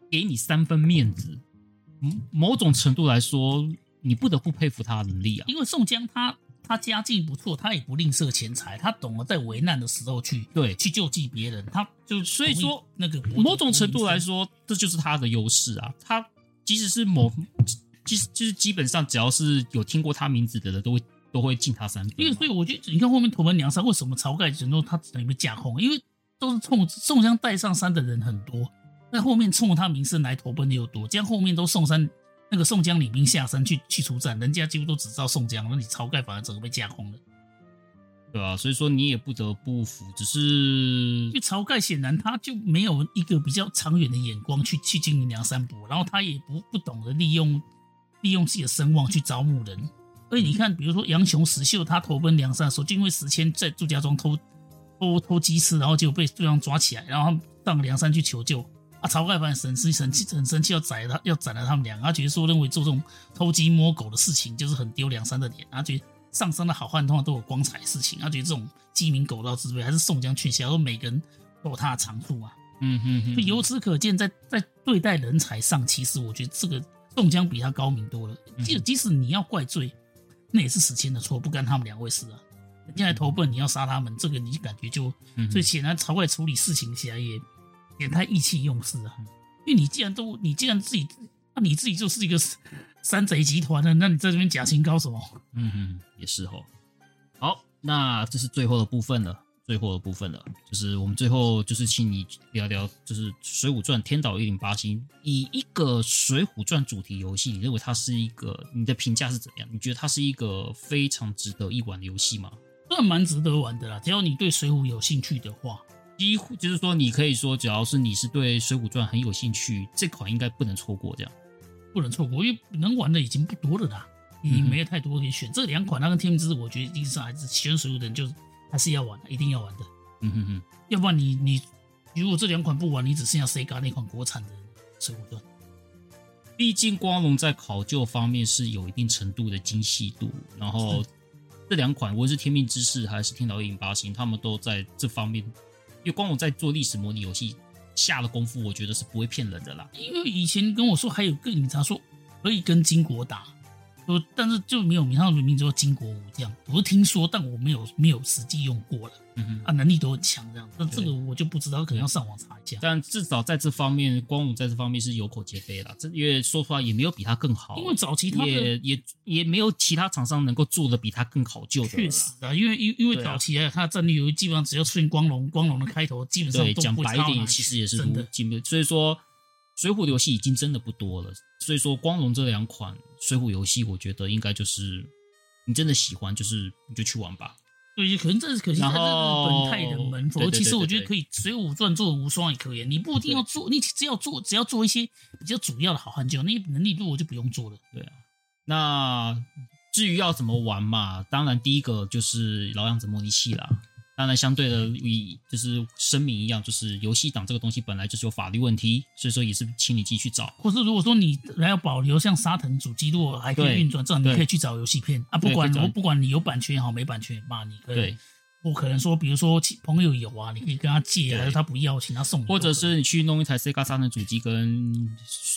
給你三分面子，某種程度來說。你不得不佩服他的能力啊！因為宋江他他家境不錯，他也不吝嗇錢財，他懂得在危難的時候去對去救濟別人。他就所以說那個某種程度來說，這就是他的優勢啊！他即使是某，其實就是基本上，只要是有聽過他名字的人，都會都會敬他三分。因為所以我覺得，你看後面投奔梁山為什麼晁蓋人都他只能被架空啊，因為都是衝宋江帶上山的人很多，那後面衝他名聲來投奔的又多，這樣後面都宋山。那個宋江領兵下山去去出戰，人家幾乎都只知道宋江，那你晁蓋反而整個被架空了。對啊，所以說你也不得不服，只是就晁蓋顯然他就沒有一個比較長遠的眼光去去經營梁山泊，然後他也不不懂得利用利用自己的聲望去招募人。而且你看，比如說楊雄、石秀，他投奔梁山的時候，就因為時遷在祝家莊偷偷偷，偷雞吃，然後就被對方抓起來，然後到梁山去求救。啊，晁蓋反正神氣神氣很神氣，要宰他要斬了他們倆。他、啊、覺得說認為做這種偷雞摸狗的事情就是很丟梁山的臉。他、啊、覺得上山的好漢通常都有光彩的事情，他、啊、覺得這種雞鳴狗盜之輩還是宋江勸降，說每個人都有他的長處啊。嗯哼，就由此可見，在在對待人才上，其實我覺得這個宋江比他高明多了。即即使你要怪罪，那也是時遷的錯，不干他們兩位事啊。人家來投奔，你要殺他們，嗯哼哼，這個你感覺就所以顯然，晁蓋處理事情起來也也太意氣用事啊！因為你既然都，你既然自己，那你自己就是一個山賊集團了，那你在這邊假清高搞什麼？嗯，哼，也是哦。好，那這是最後的部分了，最後的部分了，就是我們最後就是請你聊聊，就是《水滸傳》天導一零八星，以一個《水滸傳》主題遊戲，你認為它是一個你的評價是怎麼樣？你覺得它是一個非常值得一玩的遊戲嗎？當蠻值得玩的啦，只要你對水滸有興趣的話。幾乎就是說，你可以說，只要是你是對《水滸傳》很有興趣，這款應該不能錯過。這樣不能錯過，因為能玩的已經不多了啦。你沒有太多可以選，嗯、這兩款，那跟《天命之誓》，我覺得一定是還是選水滸的人，就還是要玩，的，一定要玩的。嗯哼哼，要不然你你如果這兩款不玩，你只剩下 Sega 那款國產的《水滸傳》。畢竟光榮在考究方面是有一定程度的精細度，然後這兩款無論是《天命之誓》還是《天導108星》，他們都在這方面。因為光我在做歷史模擬遊戲下了功夫，我覺得是不會騙人的啦。因為以前跟我說還有個隱藏說可以跟金國打。但是就沒有名號，名，如說金國武這樣，我是聽說，但我沒有沒有實際用過了。嗯嗯，啊，能力都很強這樣，但這個我就不知道，可能要上網查一下。但至少在這方面，光榮在這方面是有口皆碑了，因為說實話也沒有比他更好。因為早期他也也也沒有其他廠商能夠做的比他更考究的。確實啊，因為因因為早期啊，他的戰略遊戲基本上只要出現光榮，光榮的開頭基本上講白一點，其實也是如此真的。所以說，水滸的遊戲已經真的不多了。所以說，光榮這兩款。水滸遊戲，我覺得應該就是你真的喜歡，就是你就去玩吧。對，可能這是可惜，他這是本太熱門，對對對對對對對。其實我覺得可以《水滸傳》做無雙也可以，你不一定要做，你只要做，只要做一些比較主要的好漢就，那些能力弱我就不用做了。對啊，那至於要怎麼玩嘛，當然第一個就是老樣子模擬器啦。當然，相對的，以就是聲明一樣，就是遊戲檔這個東西本來就是有法律問題，所以說也是請你繼續找。可是如果說你還要保留像沙騰主機，如果還可以運轉，這樣你可以去找遊戲片啊。不管我不管你有版權也好，沒版權，也罷，你可以。我可能說，比如說朋友有啊，你可以跟他借，還是他不要，請他送。或者是你去弄一台 Sega 沙騰主機，跟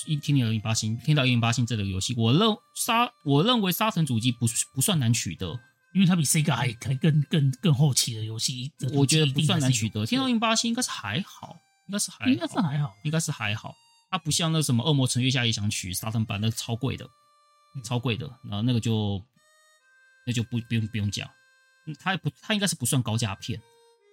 《天導108星》《天導108星》這個遊戲，我認沙我認為沙騰主機不不算難取得。因為它比 Sega 還還更更更後期的遊戲，這個，我覺得不算難取得。《天龍八部應該是還好，應該是還好，應該是還好，應該是還好。它不像那什麼《惡魔城月下也想 t 沙城版那超貴的，超貴的，然後那個就那就不不用不用講。它不它應該是不算高價片。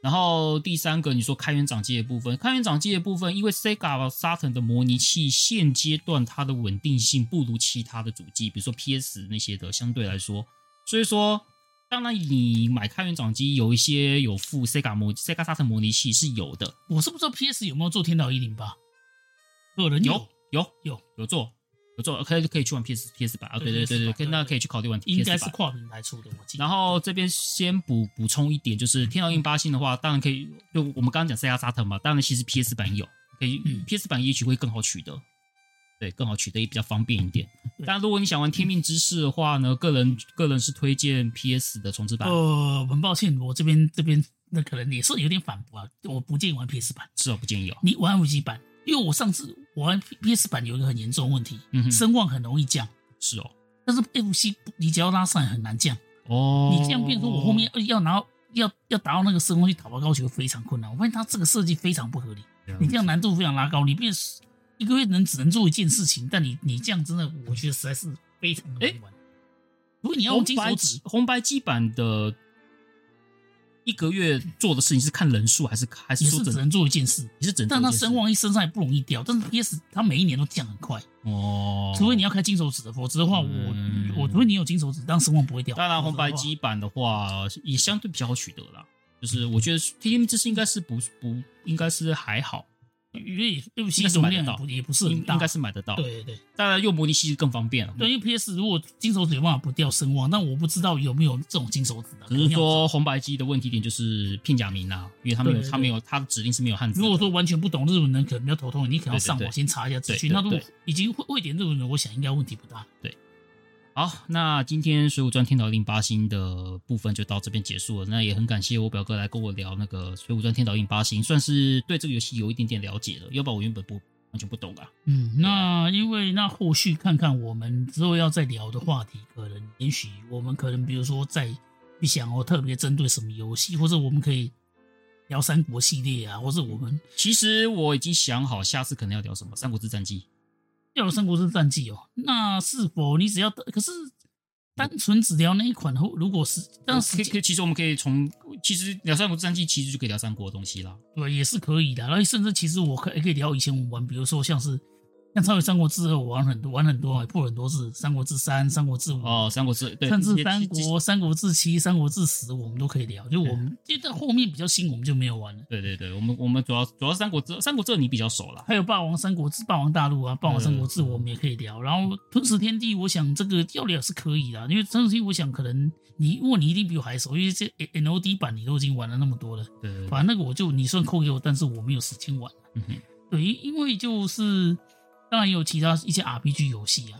然後第三個，你說開源掌機的部分，開源掌機的部分，因為 Sega 和 s a t 沙 n 的模擬器現階段它的穩定性不如其他的主機，比如說 PS 那些的，相對來說，所以說。當然，你買開源掌機有一些有附 Sega 模 Sega Saturn 模擬器是有的。我是不知道 PS 有沒有做《天導一零八》，有有有有有做有做，可以可以去玩 PS PS 版啊。對對對對,對,對,對,對,對,可以對，那可以去考慮玩。應該是跨平台出的，我記得。然後這邊先補補充一點，就是《天導一零八》星的話，當然可以，就我們剛剛講 Sega Saturn 嘛當然，其實 PS 版有，可以、嗯、PS 版也許會更好取得。對，更好取得也比較方便一點，但如果你想玩天命之誓的話呢，嗯、個人個人是推薦 PS 的重置版。呃、哦，很抱歉，我這邊這邊那可能也是有點反駁啊。我不建議玩 PS 版，是哦，不建議哦、啊。你玩 FC 版，因為我上次玩 PS 版有一個很嚴重問題，聲、嗯、望很容易降。是哦，但是 FC 你只要拉上也很難降哦。你這樣變成我後面要拿要要達到那個聲望去討伐高俅，會非常困難。我發現它這個設計非常不合理，這你這樣難度非常拉高，你變是。一個月能只能做一件事情，但你你這樣真的，我覺得實在是非常的難玩、哎、欸。如果你要用金手指，紅白機版的一個月做的事情是看人數還是還是？還是說也是只能做一件事，你是整。但它聲望一升上也不容易掉，但是 PS、yes, 它每一年都降很快哦。除非你要開金手指的，否則的話我，我、嗯、我除非你有金手指，但聲望不會掉。當然，紅白機版的話也相對比較好取得了，就是我覺得 TM、嗯嗯、這是應該是不不應該是還好。因為對不起，總量也不也不是，應該是買得到。對對對，當然用模擬器更方便了。對、嗯嗯，因為 PS 如果金手指有辦法不掉聲望，那、嗯、我不知道有沒有這種金手指的。只是說紅白機的問題點就是片假名啊，因為他沒有，對對對，他沒有，他的指令是沒有漢字。如果說完全不懂日文，可能比較頭痛。你可能要上網先查一下資訊。那如果已經會會點日文，我想應該問題不大。對，對，對，對，對。好，那今天《水滸傳》天導108星的部分就到這邊結束了。那也很感謝我表哥來跟我聊那個《水滸傳》天導108星，算是對這個遊戲有一點點了解了。要不然我原本不完全不懂啊。嗯，那因為那後續看看我們之後要再聊的話題，可能也許我們可能比如說在你想哦特別針對什麼遊戲，或者我們可以聊三國系列啊，或者我們其實我已經想好下次可能要聊什麼《三國志戰記》。聊三國志戰記哦，那是否你只要可是單純只聊那一款後，如果是，但是可，可其實我們可以從其實聊三國志戰記，其實就可以聊三國的東西啦。對，也是可以的啦。然後甚至其實我可以也可以聊以前我玩，比如說像是。像超越《三國志二》我玩很多，嗯、玩很多也、欸、破很多次，《三國志三》《三國志五》哦，三國之三國《三國志》甚至《三國》《三國志七》《三國志十》我們都可以聊，就我們就在後面比較新，我們就沒有玩了。對對對，我們我們主要主要三國之《三國志》《三國志二》你比較熟啦，還有《霸王》《三國志》《霸王大陸》啊，《霸王三國志》我們也可以聊，然後《吞食天地》我想這個要聊是可以的、啊，因為《吞食天地》我想可能你，如果你一定比我還熟，因為這 N O D 版你都已經玩了那麼多了。對對，反正那個我就你算扣給我，但是我沒有時間玩。嗯、哼對，因因為就是。當然也有其他一些 RPG 遊戲啊，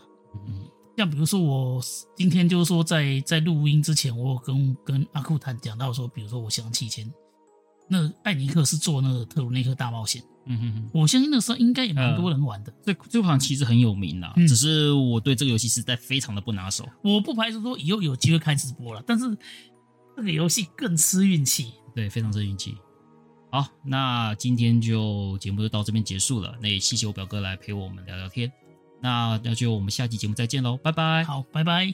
嗯，像比如說我今天就是說在在錄音之前，我有跟跟阿庫談講到說，比如說我想起以前那艾尼克是做那個《特魯內克大冒險》，嗯哼哼，我相信那個時候應該也蠻多人玩的，這這款遊戲其實很有名的，只是我對這個遊戲實在非常的不拿手。我不排除說以後有機會開直播了，但是這個遊戲更吃運氣，對，非常吃運氣。好，那今天就節目就到這邊結束了。那也謝謝我表哥來陪我們聊聊天。那那就我們下期節目再見嘍，拜拜。好，拜拜。